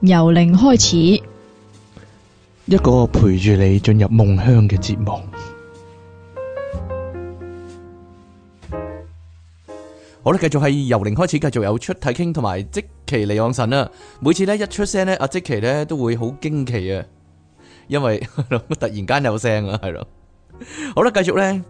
由零開始，一個陪住你進入夢鄉嘅節目。好啦，繼續係由零開始，繼續有出體傾同埋積奇嚟養神啦、啊。每次呢一出聲呢，阿積奇呢都會好驚奇啊，因為 突然間有聲啊，係咯。好啦，繼續呢。呢、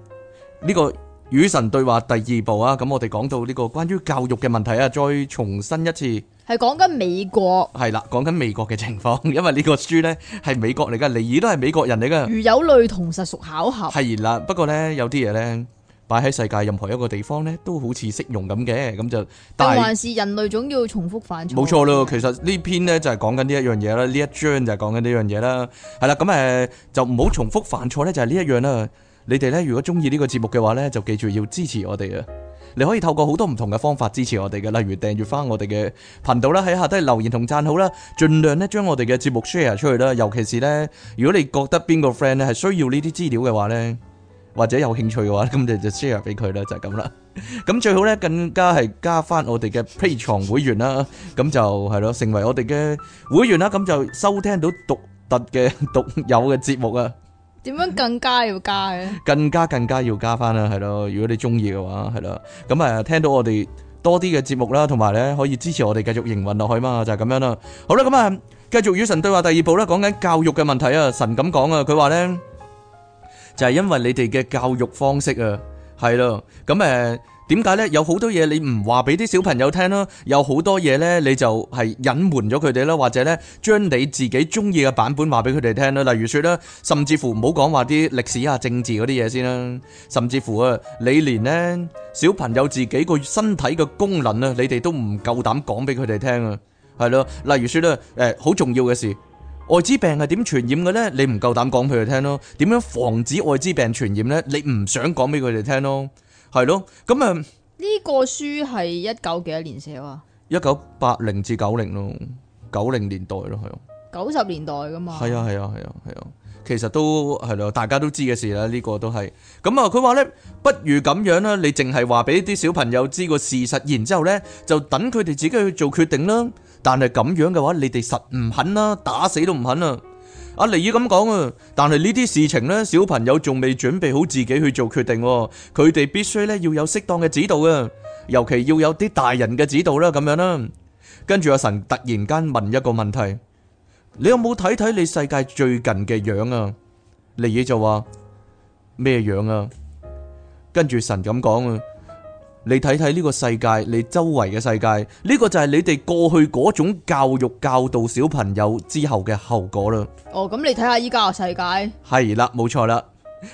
這個與神對話第二部啊，咁我哋講到呢個關於教育嘅問題啊，再重新一次。係講緊美國，係啦，講緊美國嘅情況，因為呢個書咧係美國嚟噶，尼爾都係美國人嚟噶。如有類同實屬巧合。係啦，不過咧有啲嘢咧擺喺世界任何一個地方咧都好似適用咁嘅，咁就但係還是人類總要重複犯錯。冇錯咯，其實呢篇咧就係講緊呢一樣嘢啦，呢一章就係講緊呢樣嘢啦。係啦，咁誒就唔好重複犯錯咧，就係呢一樣啦。你哋咧如果中意呢個節目嘅話咧，就記住要支持我哋啊。你可以透過好多唔同嘅方法支持我哋嘅，例如訂閱翻我哋嘅頻道啦，喺下低留言同讚好啦，儘量咧將我哋嘅節目 share 出去啦，尤其是呢，如果你覺得邊個 friend 咧係需要呢啲資料嘅話呢，或者有興趣嘅話，咁你就 share 俾佢啦，就係咁啦。咁 最好呢，更加係加翻我哋嘅 Premium 會員啦，咁就係咯，成為我哋嘅會員啦，咁就收聽到獨特嘅獨有嘅節目啊！點樣更加要加嘅？更加更加要加翻啦，係咯。如果你中意嘅話，係咯。咁誒，聽到我哋多啲嘅節目啦，同埋咧可以支持我哋繼續營運落去嘛，就係咁樣啦。好啦，咁啊，繼續與神對話第二部啦，講緊教育嘅問題啊。神咁講啊，佢話咧就係因為你哋嘅教育方式啊，係咯，咁誒。呃點解呢？有好多嘢你唔話俾啲小朋友聽啦，有好多嘢呢，你就係隱瞞咗佢哋啦，或者呢，將你自己中意嘅版本話俾佢哋聽啦。例如說咧，甚至乎唔好講話啲歷史啊、政治嗰啲嘢先啦，甚至乎啊，你連呢小朋友自己個身體嘅功能啊，你哋都唔夠膽講俾佢哋聽啊，係咯？例如說咧，誒、欸，好重要嘅事，艾滋病係點傳染嘅呢？你唔夠膽講俾佢哋聽咯？點樣防止艾滋病傳染呢？你唔想講俾佢哋聽咯？係咯，咁啊呢個書係一九幾多年寫啊？一九八零至九零咯，九零年代咯，係咯，九十年代噶嘛？係啊係啊係啊係啊，其實都係咯，大家都知嘅事啦。呢個都係，咁啊佢話咧，不如咁樣啦，你淨係話俾啲小朋友知個事實，然之後咧就等佢哋自己去做決定啦。但係咁樣嘅話，你哋實唔肯啦，打死都唔肯啊！阿、啊、尼爾咁講啊，但係呢啲事情呢，小朋友仲未準備好自己去做決定，啊，佢哋必須咧要有適當嘅指導啊，尤其要有啲大人嘅指導啦，啊，咁樣啦，啊。跟住阿、啊、神突然間問一個問題：你有冇睇睇你世界最近嘅樣啊？尼爾就話咩樣啊？跟住神咁講啊。你睇睇呢個世界，你周圍嘅世界，呢個就係你哋過去嗰種教育教導小朋友之後嘅後果啦。哦，咁你睇下依家嘅世界，係啦，冇錯啦。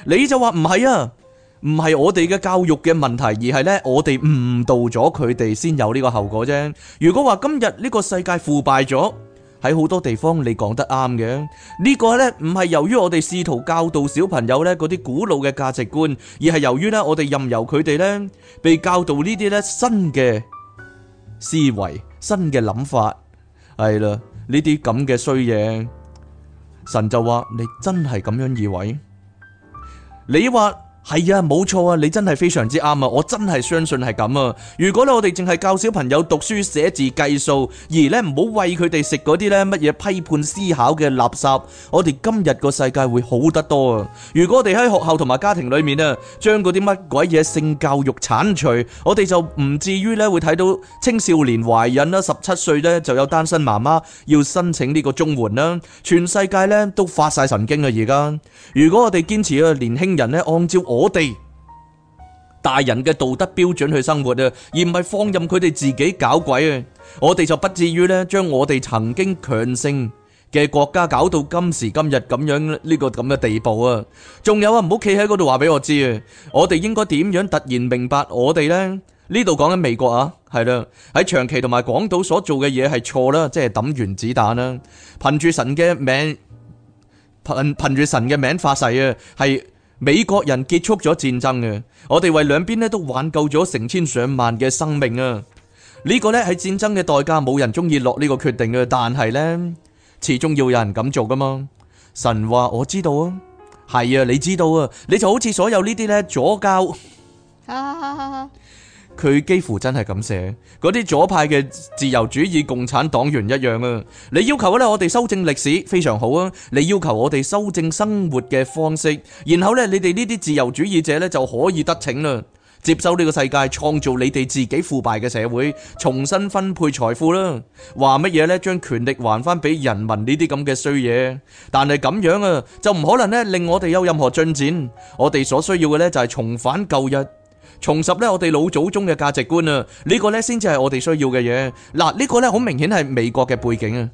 你就話唔係啊，唔係我哋嘅教育嘅問題，而係呢我哋誤導咗佢哋先有呢個後果啫。如果話今日呢個世界腐敗咗。喺好多地方你講得啱嘅，呢個呢唔係由於我哋試圖教導小朋友呢嗰啲古老嘅價值觀，而係由於呢我哋任由佢哋呢被教導呢啲呢新嘅思維、新嘅諗法，係啦呢啲咁嘅衰嘢。神就話，你真係咁樣以為？你話。係啊，冇錯啊，你真係非常之啱啊！我真係相信係咁啊！如果咧我哋淨係教小朋友讀書寫字計數，而呢唔好喂佢哋食嗰啲呢乜嘢批判思考嘅垃圾，我哋今日個世界會好得多啊！如果我哋喺學校同埋家庭裏面啊，將嗰啲乜鬼嘢性教育鏟除，我哋就唔至於呢會睇到青少年懷孕啦，十七歲呢就有單身媽媽要申請呢個綜援啦！全世界呢都發晒神經啊！而家如果我哋堅持啊年輕人呢按照，我哋大人嘅道德標準去生活啊，而唔係放任佢哋自己搞鬼啊！我哋就不至於咧，將我哋曾經強盛嘅國家搞到今時今日咁樣呢、呢個咁嘅地步啊！仲有啊，唔好企喺嗰度話俾我知啊！我哋應該點樣突然明白我哋呢？呢度講緊美國啊，係啦，喺長崎同埋廣島所做嘅嘢係錯啦，即係抌原子彈啦！憑住神嘅名，憑憑住神嘅名發誓啊，係。美國人結束咗戰爭嘅，我哋為兩邊咧都挽救咗成千上萬嘅生命啊！呢、呢個咧係戰爭嘅代價，冇人中意落呢個決定嘅，但係呢，始終要有人咁做噶嘛。神話我知道啊，係啊，你知道啊，你就好似所有呢啲呢，左膠。 佢幾乎真係咁寫，嗰啲左派嘅自由主義共產黨員一樣啊！你要求咧，我哋修正歷史非常好啊！你要求我哋修正生活嘅方式，然後咧，你哋呢啲自由主義者咧就可以得逞啦，接收呢個世界，創造你哋自己腐敗嘅社會，重新分配財富啦。話乜嘢咧？將權力還翻俾人民呢啲咁嘅衰嘢，但係咁樣啊，就唔可能咧令我哋有任何進展。我哋所需要嘅咧就係重返舊日。重拾咧，我哋老祖宗嘅價值觀啊！呢個咧先至係我哋需要嘅嘢。嗱，呢個咧好明顯係美國嘅背景啊！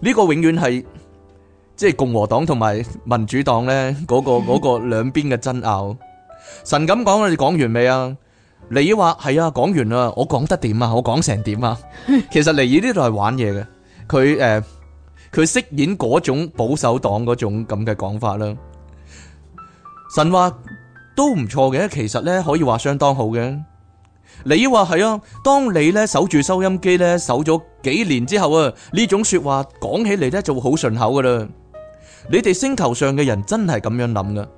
呢個永遠係即係共和黨同埋民主黨咧嗰個嗰個兩邊嘅爭拗。神咁講，你哋講完未啊？尼爾話係啊，講完啦。我講得點啊？我講成點啊？其實尼爾呢度係玩嘢嘅，佢誒佢飾演嗰種保守黨嗰種咁嘅講法啦。神話。都唔錯嘅，其實咧可以話相當好嘅。你要話係啊？當你咧守住收音機咧，守咗幾年之後啊，呢種說話講起嚟咧就會好順口噶啦。你哋星球上嘅人真係咁樣諗噶。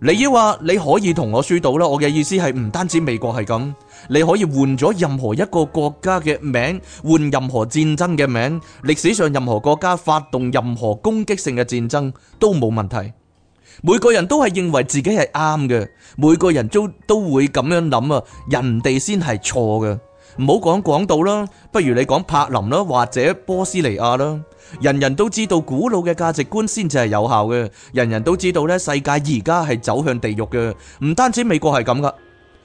你要話你可以同我輸到啦，我嘅意思係唔單止美國係咁，你可以換咗任何一個國家嘅名，換任何戰爭嘅名，歷史上任何國家發動任何攻擊性嘅戰爭都冇問題。每個人都係認為自己係啱嘅，每個人都都會咁樣諗啊，人哋先係錯嘅。唔好講廣島啦，不如你講柏林啦，或者波斯尼亞啦。人人都知道古老嘅價值觀先至係有效嘅，人人都知道咧世界而家係走向地獄嘅。唔單止美國係咁噶，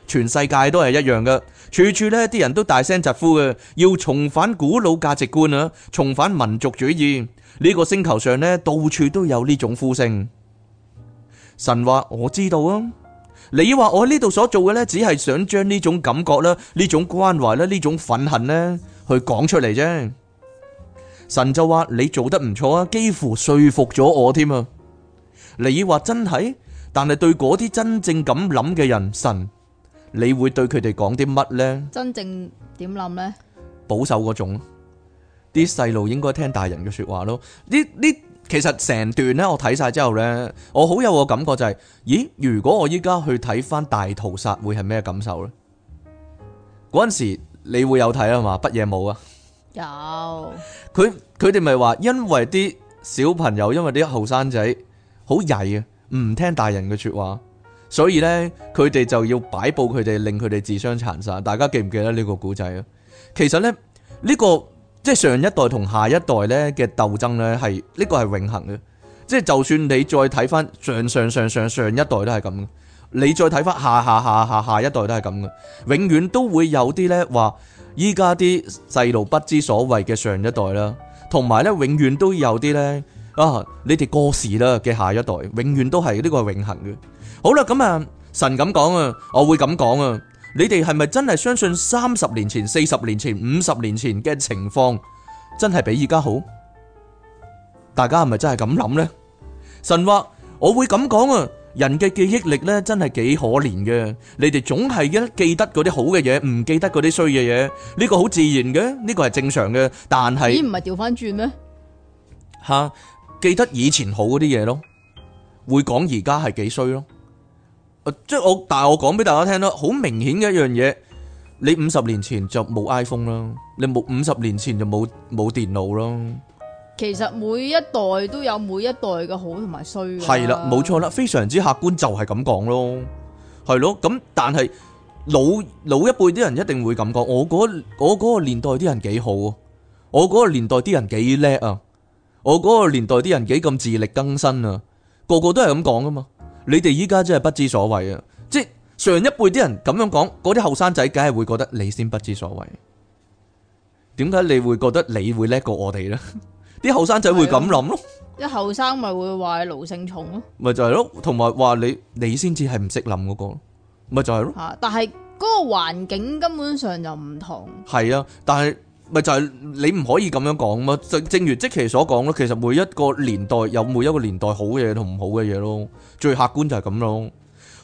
全世界都係一樣嘅。處處呢啲人都大聲疾呼嘅，要重返古老價值觀啊，重返民族主義。呢、這個星球上呢，到處都有呢種呼聲。神話，我知道啊，你話我喺呢度所做嘅咧，只係想將呢種感覺啦、呢種關懷啦、呢種憤恨咧，去講出嚟啫。神就話，你做得唔錯啊，幾乎說服咗我添啊。你話真係，但係對嗰啲真正咁諗嘅人，神你會對佢哋講啲乜咧？真正點諗咧？保守嗰種，啲細路應該聽大人嘅說話咯。呢呢。其實成段咧，我睇晒之後呢，我好有個感覺就係，咦？如果我依家去睇翻大屠殺，會係咩感受呢？嗰陣時你會有睇啊嘛？不夜舞啊，有。佢佢哋咪話，因為啲小朋友，因為啲後生仔好曳啊，唔聽大人嘅說話，所以呢，佢哋就要擺佈佢哋，令佢哋自相殘殺。大家記唔記得呢個古仔啊？其實呢，呢個。即係上一代同下一代咧嘅鬥爭咧係，呢個係永恆嘅，即係就算你再睇翻上上上上上一代都係咁，你再睇翻下下下下下一代都係咁嘅，永遠都會有啲咧話依家啲細路不知所謂嘅上一代啦，同埋咧永遠都有啲咧啊你哋過時啦嘅下一代，永遠都係呢個係永恆嘅。好啦，咁啊神咁講啊，我會咁講啊。你哋係咪真係相信三十年前、四十年前、五十年前嘅情況真係比而家好？大家係咪真係咁諗呢？神話，我會咁講啊！人嘅記憶力咧真係幾可憐嘅，你哋總係一記得嗰啲好嘅嘢，唔記得嗰啲衰嘅嘢，呢個好自然嘅，呢個係正常嘅。但係咦，唔係調翻轉咩？吓，記得以前好嗰啲嘢咯，會講而家係幾衰咯。即係我，但係我講俾大家聽咯，好明顯嘅一樣嘢，你五十年前就冇 iPhone，啦，你冇五十年前就冇冇電腦啦。其實每一代都有每一代嘅好同埋衰。係啦，冇錯啦，非常之客觀，就係咁講咯，係咯。咁但係老老一輩啲人一定會咁講，我嗰我嗰個年代啲人幾好啊，我嗰個年代啲人幾叻啊，我嗰個年代啲人幾咁自力更生啊，個個都係咁講噶嘛。你哋依家真係不知所謂啊！即係上一輩啲人咁樣講，嗰啲後生仔，梗係會覺得你先不知所謂。點解你會覺得你會叻過我哋咧？啲後生仔會咁諗咯。啲後生咪會話你老性重咯。咪就係咯，同埋話你你先至係唔識諗嗰個，咪就係咯。吓，但係嗰個環境根本上就唔同。係啊，但係。咪就係你唔可以咁樣講嘛，正如即其所講咯，其實每一個年代有每一個年代好嘅嘢同唔好嘅嘢咯，最客觀就係咁咯。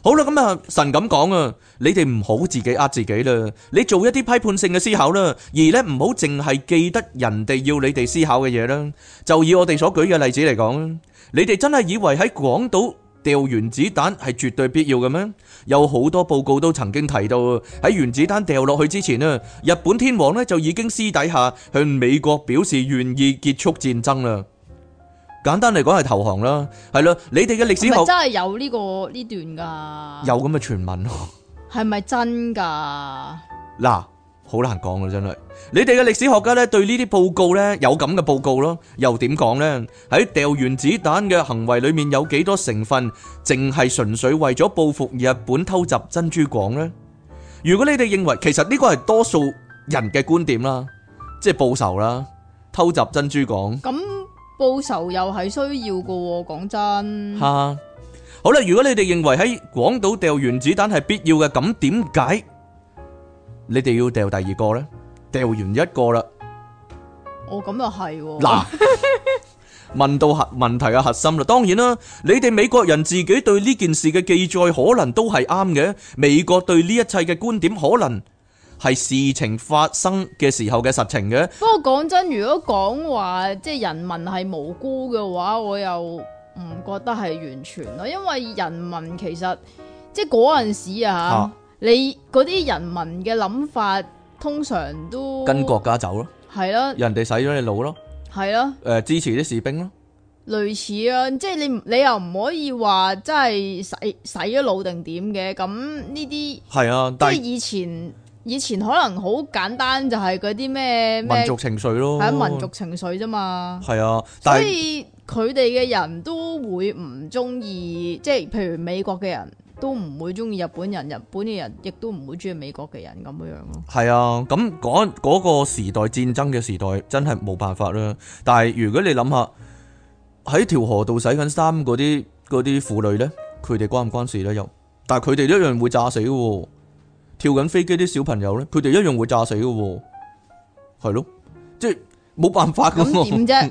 好啦，咁啊神咁講啊，你哋唔好自己呃自己啦，你做一啲批判性嘅思考啦，而呢唔好淨係記得人哋要你哋思考嘅嘢啦。就以我哋所舉嘅例子嚟講，你哋真係以為喺廣島掉原子彈係絕對必要嘅咩？有好多報告都曾經提到喺原子彈掉落去之前啊，日本天皇呢就已經私底下向美國表示願意結束戰爭啦。簡單嚟講係投降啦，係咯，這個，你哋嘅歷史學真係有呢個呢段噶，有咁嘅傳聞咯，係咪真噶？嗱。好難講啦，真係。你哋嘅歷史學家呢，對呢啲報告呢，有咁嘅報告咯，又點講呢？喺掉原子彈嘅行為裏面有幾多成分，淨係純粹為咗報復日本偷襲珍珠港呢？如果你哋認為，其實呢個係多數人嘅觀點啦，即係報仇啦，偷襲珍珠港。咁報仇又係需要㗎，講真。吓，好啦，如果你哋認為喺廣島掉原子彈係必要嘅，咁點解？你哋要掉第二個咧，掉完一個啦。哦，咁又係。嗱， 問到核問題嘅核心啦。當然啦，你哋美國人自己對呢件事嘅記載可能都係啱嘅。美國對呢一切嘅觀點可能係事情發生嘅時候嘅實情嘅。不過講真，如果講話即係人民係無辜嘅話，我又唔覺得係完全咯，因為人民其實即係嗰陣時啊。你嗰啲人民嘅諗法通常都跟國家走咯、啊，係咯、啊，人哋洗咗你腦咯、啊，係咯、啊，誒、呃、支持啲士兵咯、啊，類似啊，即係你你又唔可以話真係洗洗咗腦定點嘅，咁呢啲係啊，但即係以前以前可能好簡單就係嗰啲咩民族情緒咯，係、啊、民族情緒啫嘛，係啊，但所以佢哋嘅人都會唔中意，即係譬如美國嘅人。都唔會中意日本人，日本嘅人亦都唔會中意美國嘅人咁樣咯。係啊，咁嗰嗰個時代戰爭嘅時代真係冇辦法啦。但係如果你諗下喺條河度洗緊衫嗰啲嗰啲婦女呢，佢哋關唔關事呢？又但係佢哋一樣會炸死喎。跳緊飛機啲小朋友呢，佢哋一樣會炸死嘅喎。係咯，即冇辦法噶，咁點啫？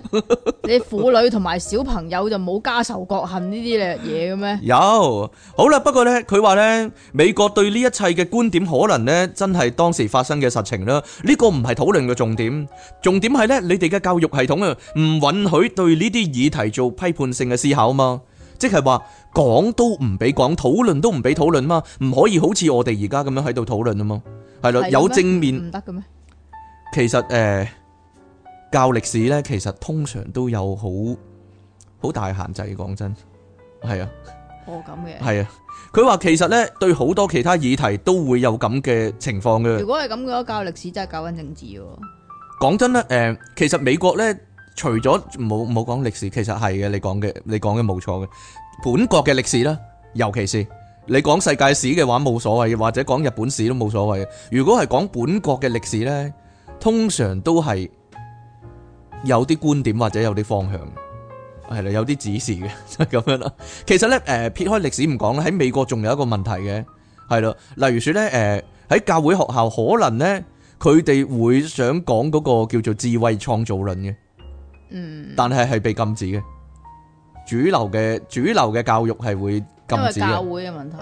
你婦女同埋小朋友就冇家仇國恨呢啲嘅嘢嘅咩？有好啦，不過咧，佢話咧，美國對呢一切嘅觀點，可能咧真係當時發生嘅實情啦。呢個唔係討論嘅重點，重點係咧，你哋嘅教育系統啊，唔允許對呢啲議題做批判性嘅思考嘛。即係話講都唔俾講，討論都唔俾討論嘛，唔可以好似我哋而家咁樣喺度討論啊嘛。係咯，有正面唔得嘅咩？其實誒。教歷史呢，其實通常都有好好大限制。講真，係啊，哦咁嘅，係啊。佢話其實呢，對好多其他議題都會有咁嘅情況嘅。如果係咁嘅話，教歷史真係教緊政治。講真呢，誒，其實美國呢，除咗冇冇講歷史，其實係嘅。你講嘅，你講嘅冇錯嘅。本國嘅歷史呢，尤其是你講世界史嘅話冇所謂，或者講日本史都冇所謂。如果係講本國嘅歷史呢，通常都係。有啲觀點或者有啲方向，係啦，有啲指示嘅，就咁樣啦。其實咧，誒、呃，撇開歷史唔講咧，喺美國仲有一個問題嘅，係咯，例如說咧，誒、呃，喺教會學校可能咧，佢哋會想講嗰個叫做智慧創造論嘅，嗯，但係係被禁止嘅，主流嘅主流嘅教育係會禁止嘅。因為教會嘅問題。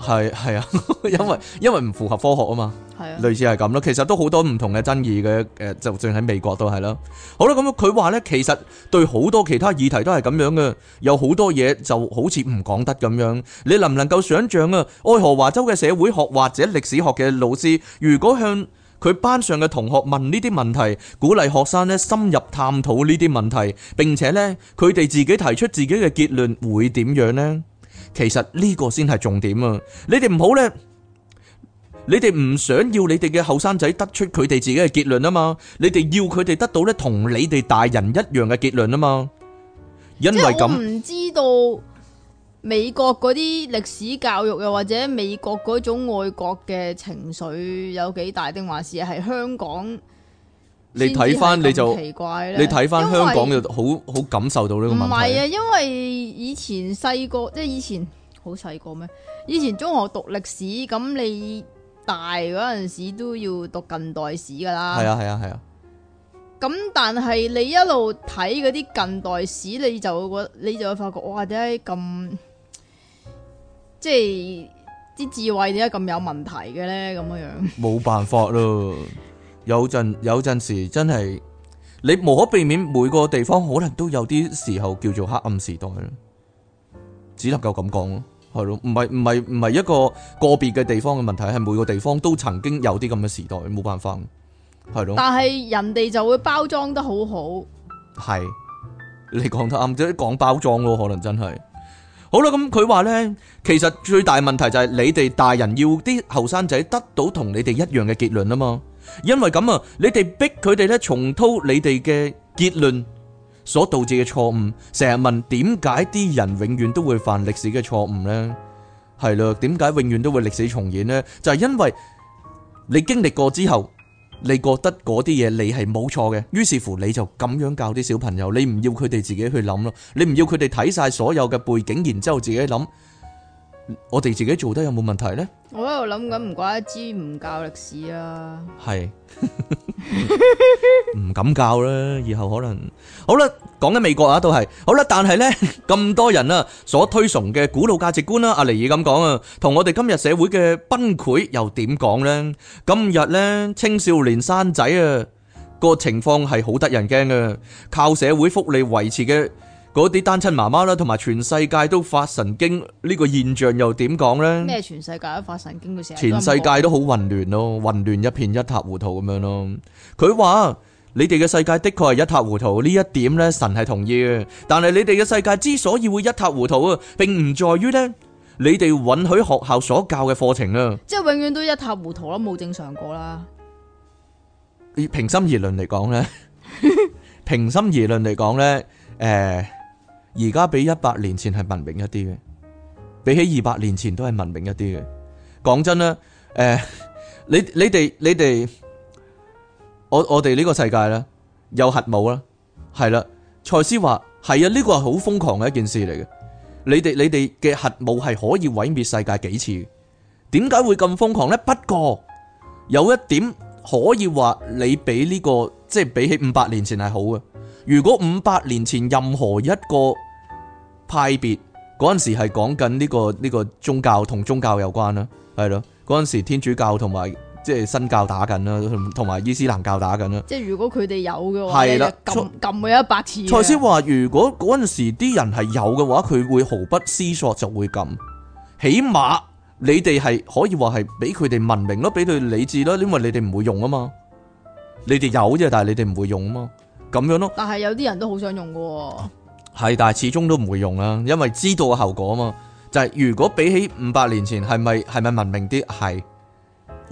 係係啊，因為因為唔符合科學啊嘛，係啊，類似係咁咯。其實都好多唔同嘅爭議嘅，誒，就算喺美國都係啦。好啦，咁佢話呢，其實對好多其他議題都係咁樣嘅，有好多嘢就好似唔講得咁樣。你能唔能夠想象啊？愛荷華州嘅社會學或者歷史學嘅老師，如果向佢班上嘅同學問呢啲問題，鼓勵學生呢深入探討呢啲問題，並且呢佢哋自己提出自己嘅結論會點樣呢？其實呢個先係重點啊！你哋唔好咧，你哋唔想要你哋嘅後生仔得出佢哋自己嘅結論啊嘛！你哋要佢哋得到咧同你哋大人一樣嘅結論啊嘛！因為咁，唔知道美國嗰啲歷史教育又或者美國嗰種愛國嘅情緒有幾大定還是係香港？你睇翻你就，奇怪你睇翻香港就好好因為 感受到呢個問題。唔係啊，因為以前細個，即係以前好細個咩？以前中學讀歷史，咁你大嗰陣時都要讀近代史噶啦。係啊，係啊，係啊。咁但係你一路睇嗰啲近代史，你就會覺你就會發覺哇，點解咁即係啲智慧點解咁有問題嘅咧？咁樣樣，冇辦法咯。 有陣有陣時真係你無可避免，每個地方可能都有啲時候叫做黑暗時代咯，只能夠咁講咯，係咯，唔係唔係唔係一個個別嘅地方嘅問題，係每個地方都曾經有啲咁嘅時代，冇辦法，係咯。但係人哋就會包裝得好好，係你講得啱，即係講包裝咯，可能真係。好啦，咁佢話咧，其實最大嘅問題就係你哋大人要啲後生仔得到同你哋一樣嘅結論啊嘛。因為咁啊，你哋逼佢哋咧，重蹈你哋嘅結論所導致嘅錯誤，成日問點解啲人永遠都會犯歷史嘅錯誤呢？係啦，點解永遠都會歷史重演呢？就係因為你經歷過之後，你覺得嗰啲嘢你係冇錯嘅，於是乎你就咁樣教啲小朋友，你唔要佢哋自己去諗咯，你唔要佢哋睇晒所有嘅背景，然之後自己諗。我哋自己做得有冇問題呢？我喺度諗緊，唔怪得之唔教歷史啊，係唔是 敢教啦，以後可能好啦。講緊美國啊，都係好啦，但係呢，咁多人啊所推崇嘅古老價值觀啦，阿尼爾咁講啊，同、啊、我哋今日社會嘅崩潰又點講呢？今日呢青少年生仔啊，個情況係好得人驚嘅，靠社會福利維持嘅。嗰啲單親媽媽啦，同埋全世界都發神經呢個現象又點講咧？咩？全世界都發神經嘅時候，全世界都好混亂咯，混亂一片，一塌糊塗咁樣咯。佢話你哋嘅世界的確係一塌糊塗，呢一點咧神係同意嘅。但係你哋嘅世界之所以會一塌糊塗啊，並唔在於咧你哋允許學校所教嘅課程啊，即係永遠都一塌糊塗啦，冇正常過啦。你平心而論嚟講咧，平心而論嚟講咧，誒。而家比一百年前係文明一啲嘅，比起二百年前都係文明一啲嘅。講真啦，誒、呃，你你哋你哋，我我哋呢個世界咧，有核武啦，係啦。蔡思話係啊，呢、這個係好瘋狂嘅一件事嚟嘅。你哋你哋嘅核武係可以毀滅世界幾次？點解會咁瘋狂呢？不過有一點可以話，你比呢、這個即係、就是、比起五百年前係好嘅。如果五百年前任何一個派別嗰陣時係講緊呢個呢個宗教同宗教有關啦，係咯，嗰陣時天主教同埋即係新教打緊啦，同埋伊斯蘭教打緊啦。即係如果佢哋有嘅話，係啦的，撳撳佢一百次。蔡思話：如果嗰陣時啲人係有嘅話，佢會毫不思索就會撳。起碼你哋係可以話係俾佢哋文明咯，俾佢哋理智咯，因為你哋唔會用啊嘛。你哋有啫，但係你哋唔會用啊嘛，咁樣咯。但係有啲人都好想用噶喎。係，但係始終都唔會用啦，因為知道個後果啊嘛。就係如果比起五百年前，係咪係咪文明啲？係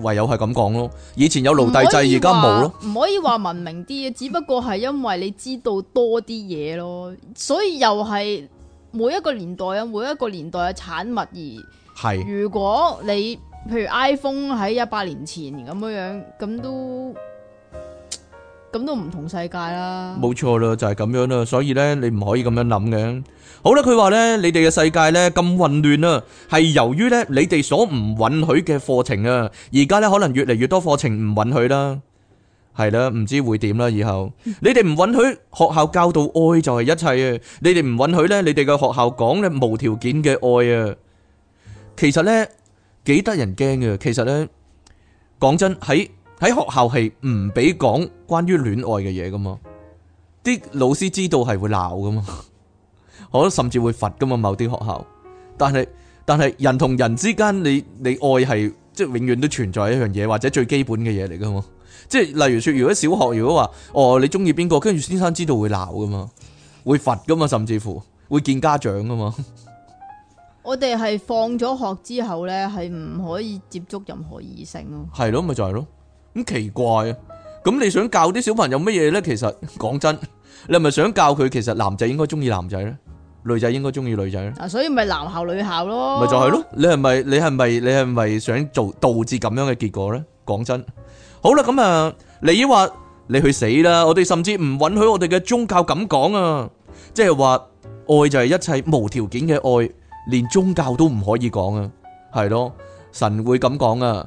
唯有係咁講咯。以前有奴隸制，而家冇咯。唔可以話文明啲嘅， 只不過係因為你知道多啲嘢咯。所以又係每一個年代有每一個年代嘅產物而。係。如果你譬如 iPhone 喺一百年前咁樣樣，咁都。咁都唔同世界啦，冇錯啦，就係咁樣啦，所以呢你唔可以咁樣諗嘅。好啦，佢話呢，你哋嘅世界呢咁混亂啊，係由於呢你哋所唔允許嘅課程啊，而家呢可能越嚟越多課程唔允許啦，係啦，唔知會點啦以後。你哋唔允許學校教導愛就係一切啊，你哋唔允許呢，你哋嘅學校講呢無條件嘅愛啊，其實呢幾得人驚嘅，其實呢講真喺。喺學校係唔俾講關於戀愛嘅嘢噶嘛？啲老師知道係會鬧噶嘛？好甚至會罰噶嘛？某啲學校，但係但係人同人之間，你你愛係即係永遠都存在一樣嘢，或者最基本嘅嘢嚟噶嘛？即係例如說，如果小學如果話哦你中意邊個，跟住先生知道會鬧噶嘛？會罰噶嘛？甚至乎會見家長噶嘛？我哋係放咗學之後咧，係唔可以接觸任何異性咯。係咯，咪就係咯。咁奇怪啊！咁你想教啲小朋友乜嘢呢？其實講真，你係咪想教佢？其實男仔應該中意男仔呢，女仔應該中意女仔呢。啊，所以咪男校女校咯？咪就係咯？你係咪？你係咪？你係咪想做導致咁樣嘅結果呢？講真，好啦，咁啊，你話你去死啦！我哋甚至唔允許我哋嘅宗教咁講啊，即係話愛就係一切無條件嘅愛，連宗教都唔可以講啊，係咯，神會咁講啊。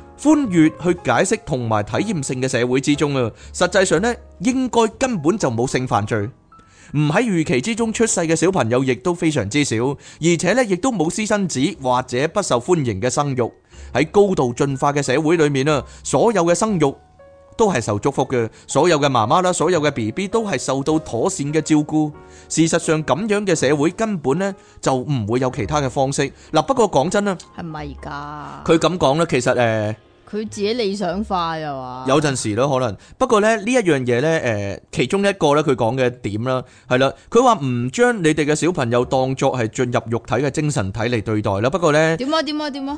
歡愉去解釋同埋體驗性嘅社會之中啊，實際上呢，應該根本就冇性犯罪，唔喺預期之中出世嘅小朋友亦都非常之少，而且呢，亦都冇私生子或者不受歡迎嘅生育。喺高度進化嘅社會裏面啊，所有嘅生育，都係受祝福嘅，所有嘅媽媽啦，所有嘅 BB 都係受到妥善嘅照顧。事實上，咁樣嘅社會根本咧就唔會有其他嘅方式。嗱，不過講真啦，係咪噶？佢咁講咧，其實誒，佢自己理想化啊嘛。有陣時都可能，不過咧呢一樣嘢咧，誒，其中一個咧佢講嘅點啦，係啦，佢話唔將你哋嘅小朋友當作係進入肉體嘅精神體嚟對待啦。不過咧，點啊點啊點啊！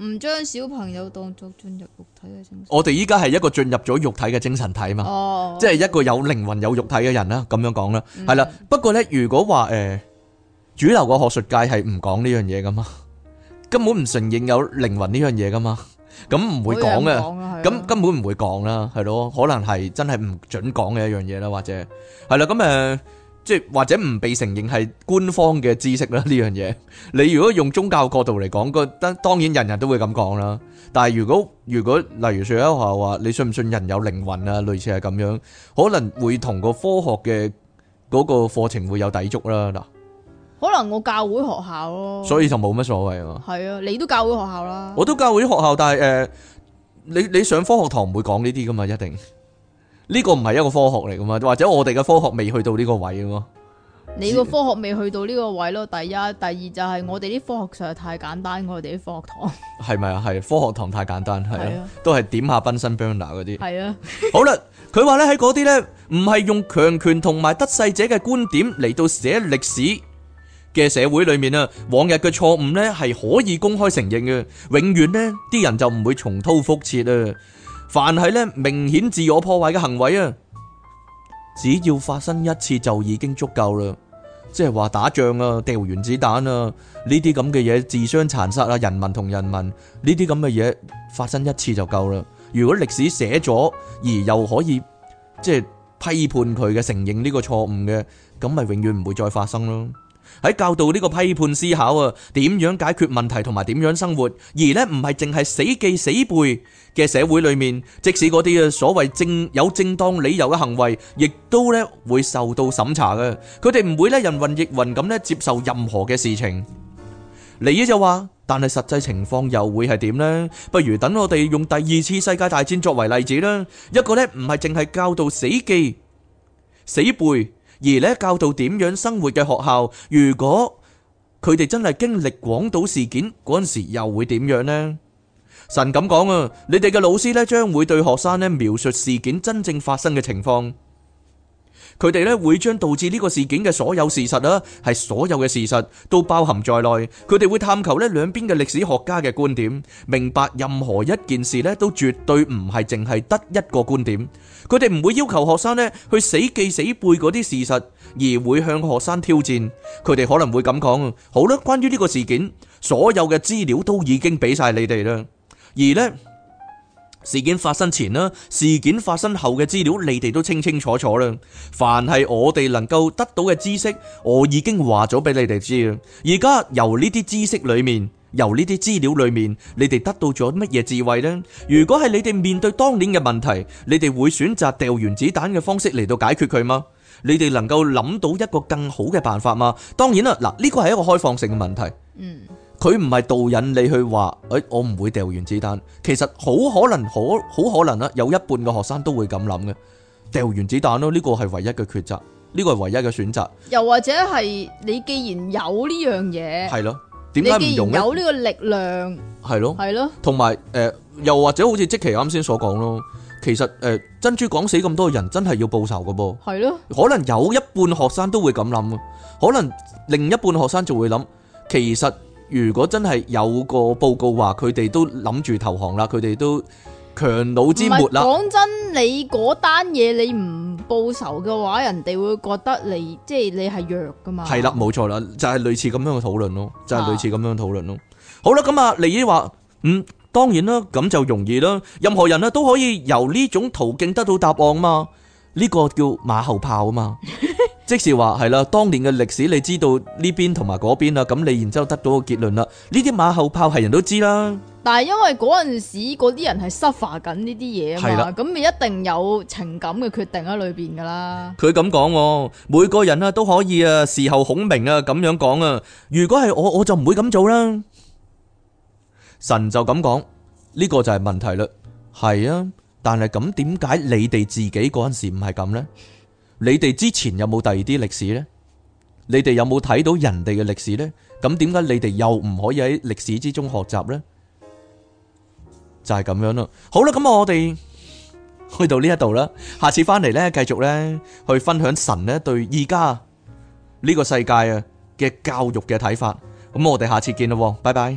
唔將小朋友當作進入肉體嘅精神，我哋依家係一個進入咗肉體嘅精神體嘛，哦哦、即係一個有靈魂有肉體嘅人啦，咁樣講啦，係啦、嗯。不過呢，如果話誒、呃、主流嘅學術界係唔講呢樣嘢噶嘛，根本唔承認有靈魂呢樣嘢噶嘛，咁唔會講嘅，咁根本唔會講啦，係咯，可能係真係唔準講嘅一樣嘢啦，或者係啦，咁誒。嗯呃即或者唔被承認係官方嘅知識啦，呢樣嘢。 你如果用宗教角度嚟講，覺得當然人人都會咁講啦。但係如果如果例如上一學校話，你信唔信人有靈魂啊？類似係咁樣，可能會同個科學嘅嗰個課程會有抵觸啦。嗱，可能我教會學校咯，所以就冇乜所謂啊。係啊，你都教會學校啦，我都教會學校，但係誒、呃，你你上科學堂唔會講呢啲㗎嘛，一定。.呢個唔係一個科學嚟噶嘛，或者我哋嘅科學未去到呢個位㗎？你個科學未去到呢個位咯。第一、第二就係我哋啲科學實在太簡單，嗯、我哋啲科學堂。係咪啊？係科學堂太簡單，係啊，的都係點下本生 burner 嗰啲。係啊。是的 好啦，佢話咧喺嗰啲咧，唔係用強權同埋得勢者嘅觀點嚟到寫歷史嘅社會裏面啊，往日嘅錯誤咧係可以公開承認嘅，永遠呢啲人就唔會重蹈覆轍啊。凡係咧明顯自我破壞嘅行為啊，只要發生一次就已經足夠啦。即係話打仗啊，丟原子彈啊，呢啲咁嘅嘢自相殘殺啊，人民同人民呢啲咁嘅嘢發生一次就夠啦。如果歷史寫咗，而又可以即係、就是、批判佢嘅，承認呢個錯誤嘅，咁咪永遠唔會再發生咯。喺教導呢個批判思考啊，點樣解決問題同埋點樣生活，而咧唔係淨係死記死背嘅社會裏面，即使嗰啲啊所謂正有正當理由嘅行為，亦都咧會受到審查嘅。佢哋唔會咧人云亦云咁咧接受任何嘅事情。尼爾就話：但係實際情況又會係點咧？不如等我哋用第二次世界大戰作為例子啦。一個咧唔係淨係教導死記死背。而呢教導點樣生活嘅學校，如果佢哋真係經歷廣島事件嗰陣時，又會點樣呢？神咁講啊，你哋嘅老師呢，將會對學生呢，描述事件真正發生嘅情況。佢哋咧會將導致呢個事件嘅所有事實啦，係所有嘅事實都包含在內。佢哋會探求咧兩邊嘅歷史學家嘅觀點，明白任何一件事咧都絕對唔係淨係得一個觀點。佢哋唔會要求學生咧去死記死背嗰啲事實，而會向學生挑戰。佢哋可能會咁講：好啦，關於呢個事件，所有嘅資料都已經俾晒你哋啦。而咧。事件發生前啦，事件發生後嘅資料你哋都清清楚楚啦。凡係我哋能夠得到嘅知識，我已經話咗俾你哋知啦。而家由呢啲知識裏面，由呢啲資料裏面，你哋得到咗乜嘢智慧呢？如果係你哋面對當年嘅問題，你哋會選擇掉原子彈嘅方式嚟到解決佢嗎？你哋能夠諗到一個更好嘅辦法嗎？當然啦，嗱，呢個係一個開放性嘅問題。嗯。佢唔係導引你去話，誒，我唔會掉原子彈。其實好可能，好好可能啦，有一半嘅學生都會咁諗嘅，掉原子彈咯。呢個係唯一嘅抉擇，呢個係唯一嘅選擇。又或者係你既然有呢樣嘢，係咯，點解唔用咧？有呢個力量，係咯，係咯。同埋誒，又或者好似積奇啱先所講咯，其實誒，珍珠港死咁多個人，真係要報仇㗎噃。係咯，可能有一半學生都會咁諗嘅，可能另一半學生就會諗，其實。如果真係有個報告話，佢哋都諗住投降啦，佢哋都強弩之末啦。講真，你嗰單嘢你唔報仇嘅話，人哋會覺得你即係你係弱㗎嘛？係啦，冇錯啦，就係類似咁樣嘅討論咯，就係類似咁樣嘅討論咯。好啦，咁啊，尼爾話：嗯，當然啦，咁就容易啦。任何人啊都可以由呢種途徑得到答案嘛？呢個叫馬後炮啊嘛。即係話係啦，當年嘅歷史你知道呢邊同埋嗰邊啦，咁你然之後得到個結論啦，呢啲馬後炮係人都知啦。但係因為嗰陣時嗰啲人係 suffer 緊呢啲嘢啊嘛，咁咪一定有情感嘅決定喺裏邊噶啦。佢咁講，每個人啊都可以啊，事後孔明啊咁樣講啊，如果係我我就唔會咁做啦。神就咁講，呢個就係問題啦。係啊，但係咁點解你哋自己嗰陣時唔係咁呢？你哋之前有冇第二啲歷史呢？你哋有冇睇到人哋嘅歷史呢？咁點解你哋又唔可以喺歷史之中學習呢？就係咁樣咯。好啦，咁我哋去到呢一度啦。下次翻嚟呢，繼續呢去分享神呢對而家呢個世界啊嘅教育嘅睇法。咁我哋下次見咯，拜拜。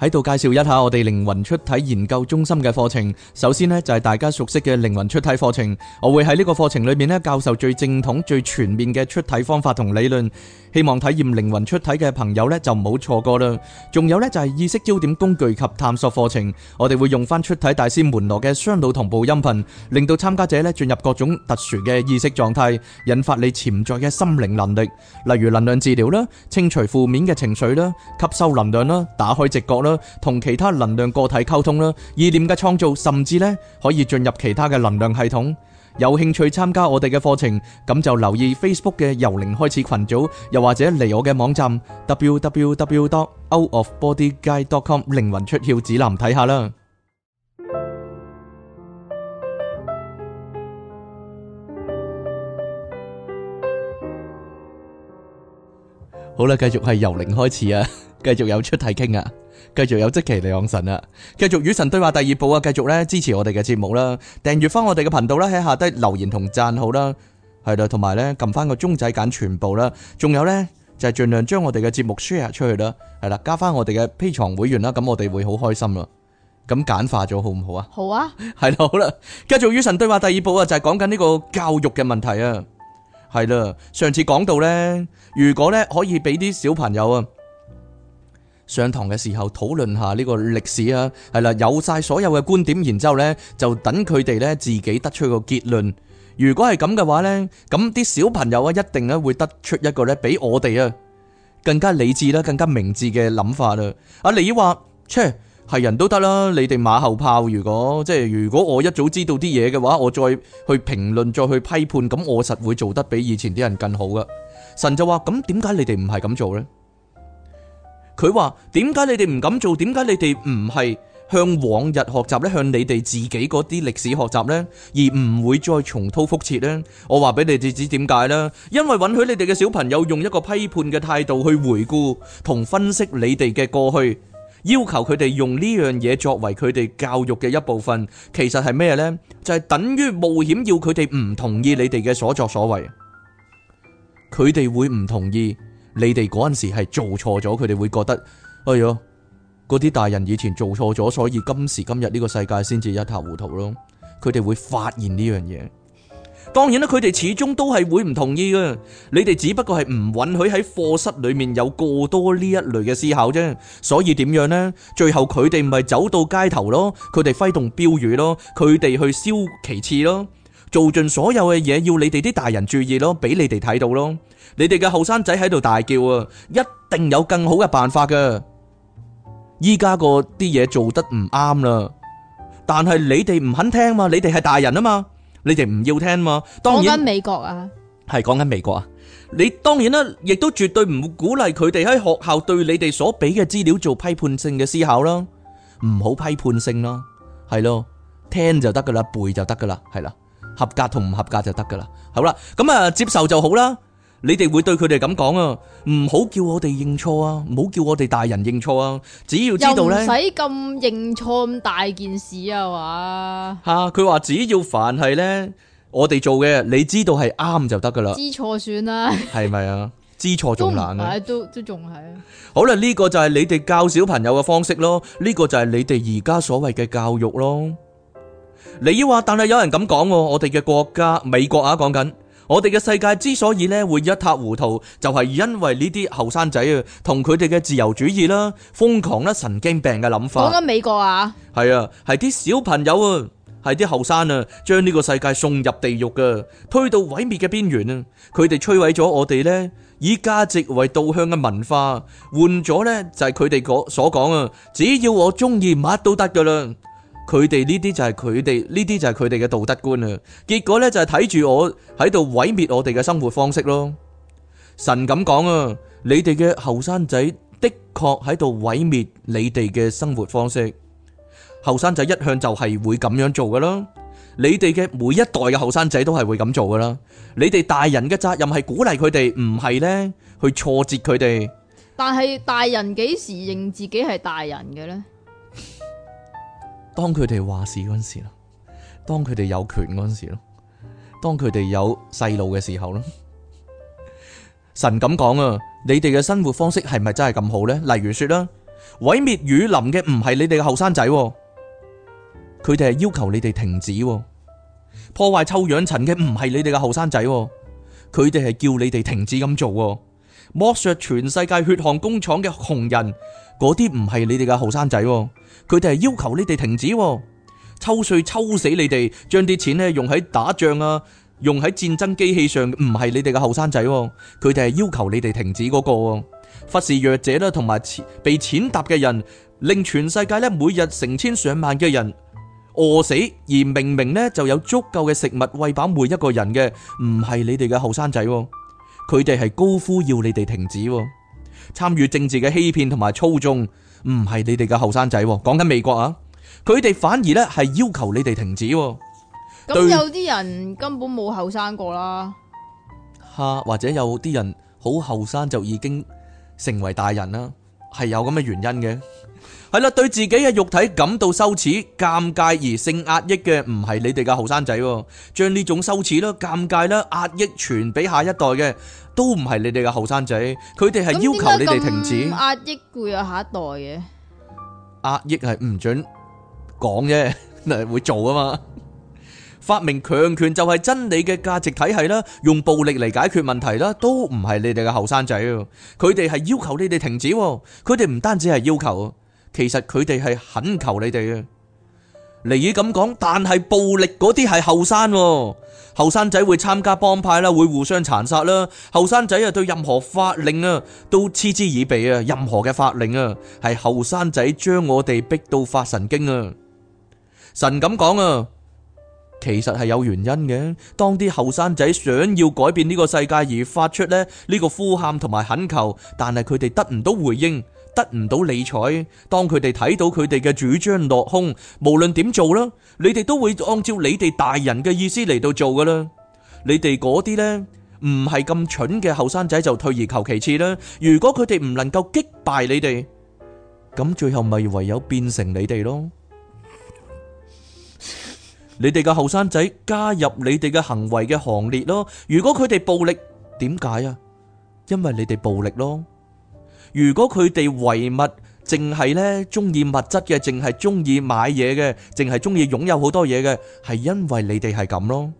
喺度介紹一下我哋靈魂出體研究中心嘅課程。首先呢，就係大家熟悉嘅靈魂出體課程，我會喺呢個課程裏面呢教授最正統、最全面嘅出體方法同理論。希望體驗靈魂出體嘅朋友咧就唔好錯過啦，仲有咧就係意識焦點工具及探索課程，我哋會用翻出體大師門羅嘅雙腦同步音頻，令到參加者咧進入各種特殊嘅意識狀態，引發你潛在嘅心靈能力，例如能量治療啦、清除負面嘅情緒啦、吸收能量啦、打開直覺啦、同其他能量個體溝通啦、意念嘅創造，甚至咧可以進入其他嘅能量系統。有興趣參加我哋嘅課程，咁就留意 Facebook 嘅由零開始群組，又或者嚟我嘅網站 www.outofbodyguide.com 靈魂出竅指南睇下啦。 好啦，繼續係由零開始啊，繼續有出體傾啊！繼續有即期嚟，向神啊！繼續與神對話第二部啊！繼續咧支持我哋嘅節目啦，訂閱翻我哋嘅頻道啦，喺下低留言同讚好啦，係啦，同埋咧撳翻個鐘仔揀全部啦，仲有咧就係、是、盡量將我哋嘅節目 share 出去啦，係啦，加翻我哋嘅 Patreon 會員啦，咁我哋會好開心啦，咁簡化咗好唔好，好啊？好啊，係啦，好啦，繼續與神對話第二部啊，就係講緊呢個教育嘅問題啊，係啦，上次講到咧，如果咧可以俾啲小朋友啊。上堂嘅時候討論下呢個歷史啊，係啦，有晒所有嘅觀點，然之後呢就等佢哋呢自己得出一個結論。如果係咁嘅話呢，咁啲小朋友啊一定咧會得出一個咧比我哋啊更加理智啦、更加明智嘅諗法啊。你話，切係人都得啦，你哋馬後炮。如果即係如果我一早知道啲嘢嘅話，我再去評論、再去批判，咁我實會做得比以前啲人更好噶。神就話：「咁點解你哋唔係咁做呢？」佢話，點解你哋唔敢做？點解你哋唔係向往日學習呢？向你哋自己嗰啲歷史學習呢？而唔會再重蹈覆轍呢？我話俾你哋知點解啦？因為允許你哋嘅小朋友用一個批判嘅態度去回顧同分析你哋嘅過去，要求佢哋用呢樣嘢作為佢哋教育嘅一部分，其實係咩呢？就係等於冒險，要佢哋唔同意你哋嘅所作所為，佢哋會唔同意？你哋嗰陣時係做錯咗，佢哋會覺得，哎呀，嗰啲大人以前做錯咗，所以今時今日呢個世界先至一塌糊塗咯。佢哋會發現呢樣嘢，當然啦，佢哋始終都係會唔同意嘅。你哋只不過係唔允許喺課室裏面有過多呢一類嘅思考啫。所以點樣呢？最後佢哋咪走到街頭咯，佢哋揮動標語咯，佢哋去燒旗幟咯，做盡所有嘅嘢要你哋啲大人注意咯，俾你哋睇到咯。你哋嘅後生仔喺度大叫啊！一定有更好嘅辦法噶。依家個啲嘢做得唔啱啦，但係你哋唔肯聽嘛。你哋係大人啊嘛，你哋唔要聽嘛。當然，講緊美國啊，係講緊美國啊。你當然啦，亦都絕對唔鼓勵佢哋喺學校對你哋所俾嘅資料做批判性嘅思考囉，唔好批判性囉，係咯，聽就得噶啦，背就得噶啦，係啦，合格同唔合格就得噶啦。好啦，咁啊接受就好啦。你哋會對佢哋咁講啊？唔好叫我哋認錯啊！唔好叫我哋大人認錯啊！只要知道咧，又唔使咁認錯咁大件事啊？哇、啊！吓，佢話只要凡係咧我哋做嘅，你知道係啱就得噶啦。知錯算啦，係咪啊？知錯仲難啊？都仲係都仲係啊！好啦，呢、這個就係你哋教小朋友嘅方式咯，呢、這個就係你哋而家所謂嘅教育咯。你要話，但係有人咁講、啊，我哋嘅國家美國啊，講緊。我哋嘅世界之所以咧會一塌糊塗，就係因為呢啲後生仔啊，同佢哋嘅自由主義啦、瘋狂啦、神經病嘅諗法。講緊美國啊？係啊，係啲小朋友啊，係啲後生啊，將呢個世界送入地獄噶，推到毀滅嘅邊緣啊！佢哋摧毀咗我哋呢，以價值為導向嘅文化，換咗呢，就係佢哋所講啊，只要我中意乜都得噶啦。佢哋呢啲就係佢哋呢啲就係佢哋嘅道德觀啊！結果呢就係睇住我喺度毀滅我哋嘅生活方式咯。神咁講啊，你哋嘅後生仔的確喺度毀滅你哋嘅生活方式。後生仔一向就係會咁樣做噶啦。你哋嘅每一代嘅後生仔都係會咁做噶啦。你哋大人嘅責任係鼓勵佢哋，唔係呢去挫折佢哋。但係大人幾時認自己係大人嘅呢？當佢哋話事嗰陣時咯，當佢哋有權嗰陣時咯，當佢哋有細路嘅時候咯， 神咁講啊，你哋嘅生活方式係咪真係咁好呢？例如說啦，毀滅雨林嘅唔係你哋嘅後生仔，佢哋係要求你哋停止，破壞臭氧層嘅唔係你哋嘅後生仔，佢哋係叫你哋停止咁做。剝削全世界血汗工廠嘅窮人，嗰啲唔係你哋嘅後生仔。佢哋係要求你哋停止。哦，抽稅抽死你哋，將啲錢咧用喺打仗啊，用喺戰爭機器上，唔係你哋嘅後生仔。佢哋係要求你哋停止嗰個。哦，忽視弱者啦，同埋被踐踏嘅人，令全世界咧每日成千上萬嘅人餓死，而明明咧就有足夠嘅食物餵飽每一個人嘅，唔係你哋嘅後生仔。佢哋係高呼要你哋停止。哦，參與政治嘅欺騙同埋操縱。唔係你哋嘅後生仔，講緊美國啊，佢哋反而咧係要求你哋停止。咁有啲人根本冇後生過啦，吓或者有啲人好後生就已經成為大人啦，係有咁嘅原因嘅。係啦，對自己嘅肉體感到羞恥、尷尬而性壓抑嘅，唔係你哋嘅後生仔，將呢種羞恥啦、尷尬啦、壓抑傳俾下一代嘅，都唔係你哋嘅後生仔。佢哋係要求你哋停止壓抑，會有下一代嘅壓抑係唔准講啫，但係會做啊嘛。發明強權就係真理嘅價值體系啦，用暴力嚟解決問題啦，都唔係你哋嘅後生仔。佢哋係要求你哋停止，佢哋唔單止係要求。其實佢哋係懇求你哋啊，嚟以咁講，但係暴力嗰啲係後生，後生仔會參加幫派啦，會互相殘殺啦，後生仔啊對任何法令啊都嗤之以鼻啊，任何嘅法令啊，係後生仔將我哋逼到發神經啊，神咁講啊，其實係有原因嘅，當啲後生仔想要改變呢個世界而發出咧呢個呼喊同埋懇求，但係佢哋得唔到回應。得唔到理睬，當佢哋睇到佢哋嘅主張落空，無論點做啦，你哋都會按照你哋大人嘅意思嚟到做㗎啦。你哋嗰啲呢唔係咁蠢嘅後生仔就退而求其次啦。如果佢哋唔能夠擊敗你哋，咁最後咪唯有變成你哋咯。你哋嘅後生仔加入你哋嘅行為嘅行列咯。如果佢哋暴力，點解啊？因為你哋暴力咯。如果佢哋唯物，淨係咧中意物質嘅，淨係中意買嘢嘅，淨係中意擁有好多嘢嘅，係因為你哋係咁咯。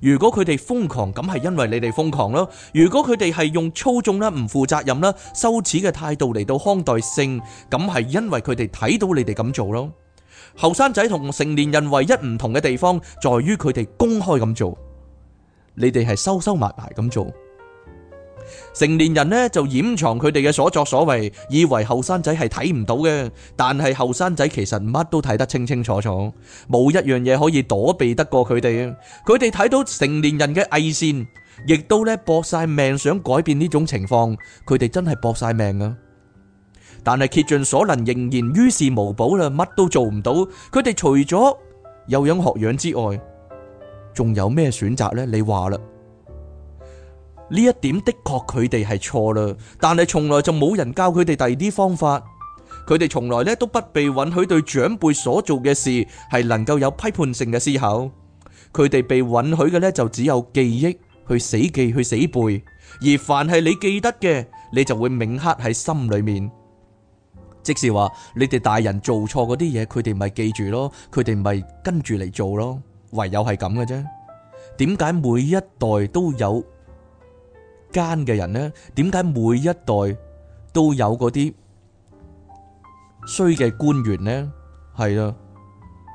如果佢哋瘋狂，咁係因為你哋瘋狂咯。如果佢哋係用操縱啦、唔負責任啦、羞恥嘅態度嚟到看待性，咁係因為佢哋睇到你哋咁做咯。後生仔同成年人唯一唔同嘅地方，在於佢哋公開咁做，你哋係收收埋埋咁做。成年人呢就掩藏佢哋嘅所作所為，以為後生仔係睇唔到嘅。但係後生仔其實乜都睇得清清楚楚，冇一樣嘢可以躲避得過佢哋。佢哋睇到成年人嘅偽善，亦都咧搏晒命想改變呢種情況。佢哋真係搏晒命啊！但係竭盡所能，仍然於事無補啦，乜都做唔到。佢哋除咗有樣學樣之外，仲有咩選擇呢？你話啦？呢一點的確佢哋係錯啦，但係從來就冇人教佢哋第二啲方法。佢哋從來咧都不被允許對長輩所做嘅事係能夠有批判性嘅思考。佢哋被允許嘅咧就只有記憶去死記去死背，而凡係你記得嘅，你就會銘刻喺心裏面。即是話，你哋大人做錯嗰啲嘢，佢哋咪記住咯，佢哋咪跟住嚟做咯，唯有係咁嘅啫。點解每一代都有？間嘅人咧，點解每一代都有嗰啲衰嘅官員咧？係啊，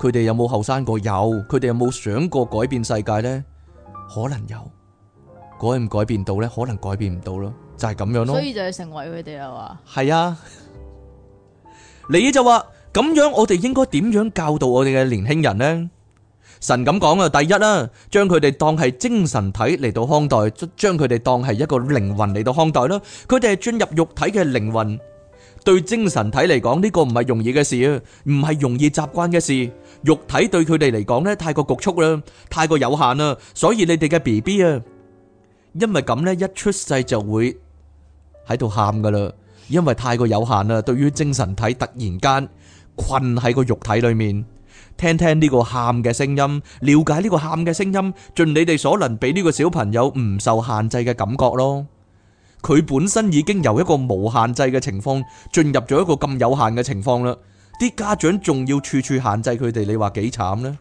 佢哋有冇後生過？有，佢哋有冇想過改變世界咧？可能有，改唔改變到咧？可能改變唔到咯，就係咁樣咯。所以就係成為佢哋啦嘛。係啊，你就話咁樣，我哋應該點樣教導我哋嘅年輕人咧？神咁講啊，第一啦，將佢哋當係精神體嚟到看待，將佢哋當係一個靈魂嚟到看待啦。佢哋係進入肉體嘅靈魂，對精神體嚟講呢個唔係容易嘅事啊，唔係容易習慣嘅事。肉體對佢哋嚟講呢太過局促啦，太過有限啦，所以你哋嘅 BB 啊，因為咁呢一出世就會喺度喊噶啦，因為太過有限啦，對於精神體突然間困喺個肉體裏面。聽聽呢個喊嘅聲音，了解呢個喊嘅聲音，盡你哋所能俾呢個小朋友唔受限制嘅感覺咯。佢本身已經由一個無限制嘅情況進入咗一個咁有限嘅情況啦。啲家長仲要處處限制佢哋，你話幾慘呢？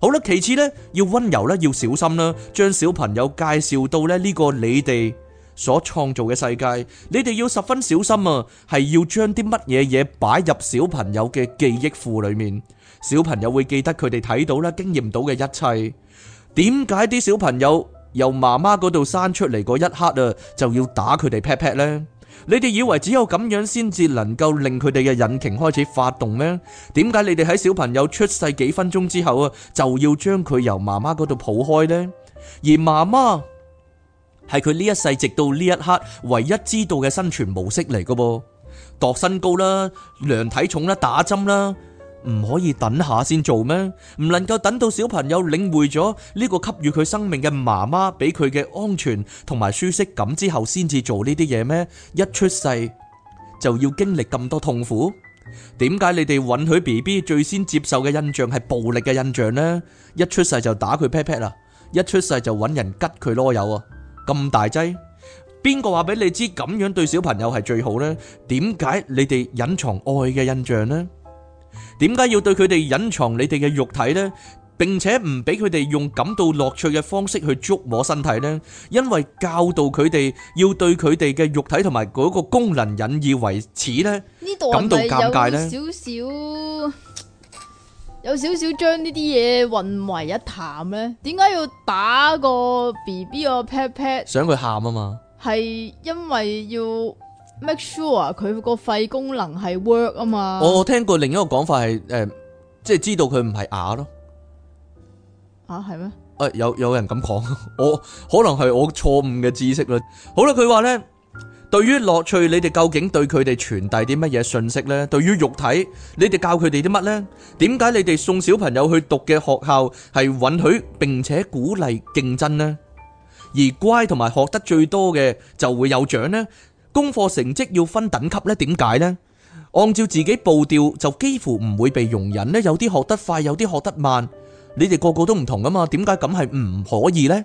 好啦，其次呢，要溫柔啦，要小心啦，將小朋友介紹到呢呢個你哋所創造嘅世界。你哋要十分小心啊，係要將啲乜嘢嘢擺入小朋友嘅記憶庫裏面。小朋友會記得佢哋睇到啦、經驗到嘅一切。點解啲小朋友由媽媽嗰度生出嚟嗰一刻啊，就要打佢哋 pat pat 呢？你哋以為只有咁樣先至能夠令佢哋嘅引擎開始發動呢？點解你哋喺小朋友出世幾分鐘之後啊，就要將佢由媽媽嗰度抱開呢？而媽媽係佢呢一世直到呢一刻唯一知道嘅生存模式嚟噶噃，度身高啦、量體重啦、打針啦。唔可以等下先做咩？唔能夠等到小朋友領會咗呢個給予佢生命嘅媽媽俾佢嘅安全同埋舒適感之後，先至做呢啲嘢咩？一出世就要經歷咁多痛苦？點解你哋允許 BB 最先接受嘅印象係暴力嘅印象呢？一出世就打佢 pat pat 啦，一出世就揾人拮佢囉柚啊，咁大劑？邊個話俾你知咁樣對小朋友係最好呢？點解你哋隱藏愛嘅印象呢？點解要對佢哋隱藏你哋嘅肉體咧，並且唔俾佢哋用感到樂趣嘅方式去觸摸身體咧？因為教導佢哋要對佢哋嘅肉體同埋嗰個功能引以為恥咧，感到尷尬咧？有少少，有少少將呢啲嘢混為一談咧？點解要打個 BB 個 pat pat？想佢喊啊嘛？係因為要。make sure 佢個肺功能係 work 啊嘛！我聽過另一個講法係誒，即係知道佢唔係啞咯。啊，係咩？誒，有有人咁講，我可能係我錯誤嘅知識啦。好啦，佢話咧，對於樂趣，你哋究竟對佢哋傳遞啲乜嘢信息咧？對於肉體，你哋教佢哋啲乜咧？點解你哋送小朋友去讀嘅學校係允許並且鼓勵競爭咧？而乖同埋學得最多嘅就會有獎咧？功課成績要分等級呢？點解呢？按照自己步調就幾乎唔會被容忍呢。有啲學得快，有啲學得慢，你哋個個都唔同噶嘛？點解咁係唔可以呢？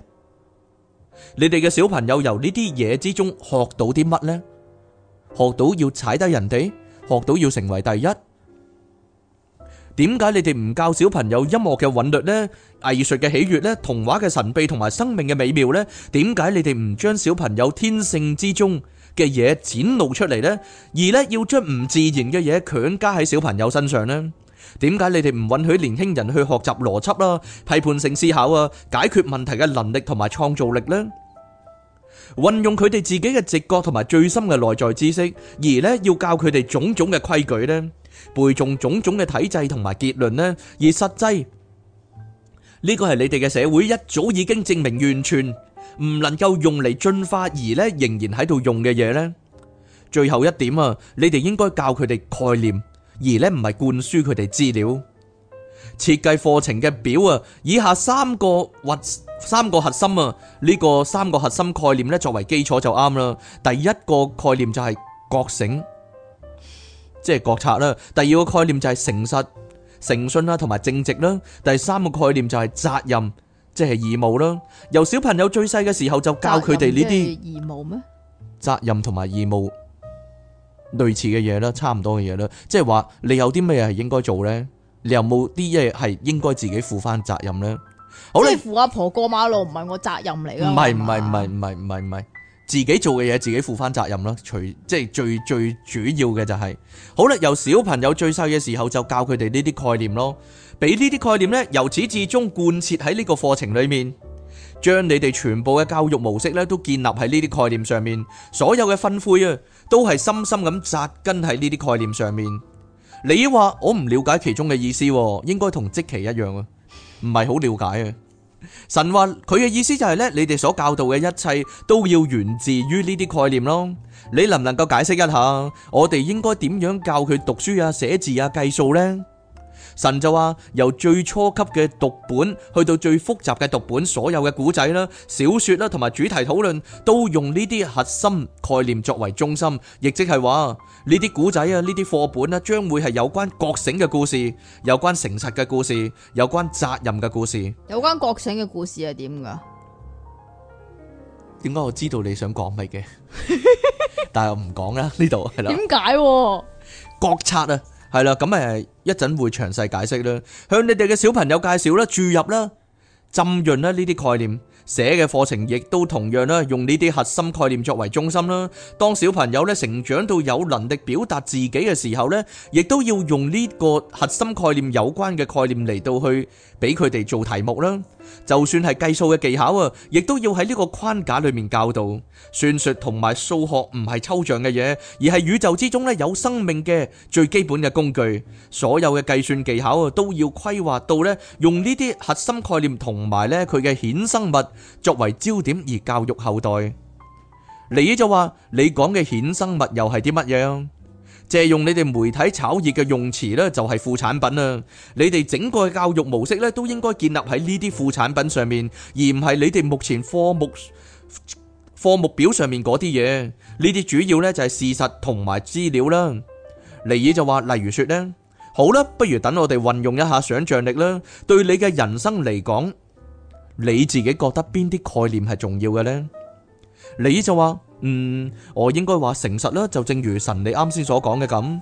你哋嘅小朋友由呢啲嘢之中學到啲乜呢？學到要踩低人哋，學到要成為第一。點解你哋唔教小朋友音樂嘅韻律呢？藝術嘅喜悅呢？童話嘅神秘同埋生命嘅美妙呢？點解你哋唔將小朋友天性之中嘅嘢展露出嚟呢，而呢要將唔自然嘅嘢強加喺小朋友身上呢，點解你哋唔允許年輕人去學習邏輯啦、批判性思考啊、解決問題嘅能力同埋創造力呢？運用佢哋自己嘅直覺同埋最深嘅內在知識，而呢要教佢哋種種嘅規矩呢、背誦種種嘅體制同埋結論呢，而實際呢個係你哋嘅社會一早已經證明完全。唔能夠用嚟進化而咧仍然喺度用嘅嘢咧，最後一點啊，你哋應該教佢哋概念，而咧唔係灌輸佢哋資料。設計課程嘅表啊，以下三個或三個核心啊，呢、這個三個核心概念咧作為基礎就啱啦。第一個概念就係覺醒，即係覺察啦、啊；第二個概念就係誠實、誠信啦、啊，同埋正直啦；第三個概念就係責任。即係義務啦，由小朋友最細嘅時候就教佢哋呢啲義務咩？責任同埋義務類似嘅嘢啦，差唔多嘅嘢啦。即係話你有啲咩嘢係應該做呢？你有冇啲嘢係應該自己負翻責任呢？好，你扶阿婆過馬路唔係我責任嚟啦，唔係唔係唔係唔係唔係唔係，自己做嘅嘢自己負翻責任啦。除即係最最主要嘅就係，好啦，由小朋友最細嘅時候就教佢哋呢啲概念咯。俾呢啲概念呢，由始至終貫徹喺呢個課程裏面，將你哋全部嘅教育模式呢，都建立喺呢啲概念上面。所有嘅分灰啊，都係深深咁紮根喺呢啲概念上面。你話我唔了解其中嘅意思，應該同積其一樣啊，唔係好了解啊。神話佢嘅意思就係呢：「你哋所教導嘅一切都要源自於呢啲概念咯。」你能唔能夠解釋一下，我哋應該點樣教佢讀書啊、寫字啊、計數呢？神就話由最初級嘅讀本去到最複雜嘅讀本，所有嘅古仔啦、小說啦同埋主題討論，都用呢啲核心概念作為中心，亦即係話呢啲古仔啊、呢啲課本呀，將會係有關覺醒嘅故事、有關誠實嘅故事、有關責任嘅故事。有關覺醒嘅故事係點噶？點解我知道你想講咩嘅？就是、 但係我唔講啦，呢度係啦。點解？覺察啊！係啦，咁誒一陣會詳細解釋啦，向你哋嘅小朋友介紹啦，注入啦、浸潤啦呢啲概念。寫嘅課程亦都同樣啦，用呢啲核心概念作為中心啦。當小朋友咧成長到有能力表達自己嘅時候咧，亦都要用呢個核心概念有關嘅概念嚟到去俾佢哋做題目啦。就算係計數嘅技巧啊，亦都要喺呢個框架裏面教導。算術同埋數學唔係抽象嘅嘢，而係宇宙之中咧有生命嘅最基本嘅工具。所有嘅計算技巧啊，都要規劃到咧用呢啲核心概念同埋咧佢嘅衍生物。作為焦點而教育後代，尼爾就話：你講嘅衍生物又係啲乜嘢？借用你哋媒體炒熱嘅用詞呢就係副產品啦。你哋整個教育模式呢，都應該建立喺呢啲副產品上面，而唔係你哋目前科目、科目表上面嗰啲嘢。呢啲主要呢，就係事實同埋資料啦。尼爾就話：例如說呢，好啦，不如等我哋運用一下想象力啦。對你嘅人生嚟講。你自己覺得邊啲概念係重要嘅呢？你就話，嗯，我應該話誠實啦，就正如神你啱先所講嘅咁。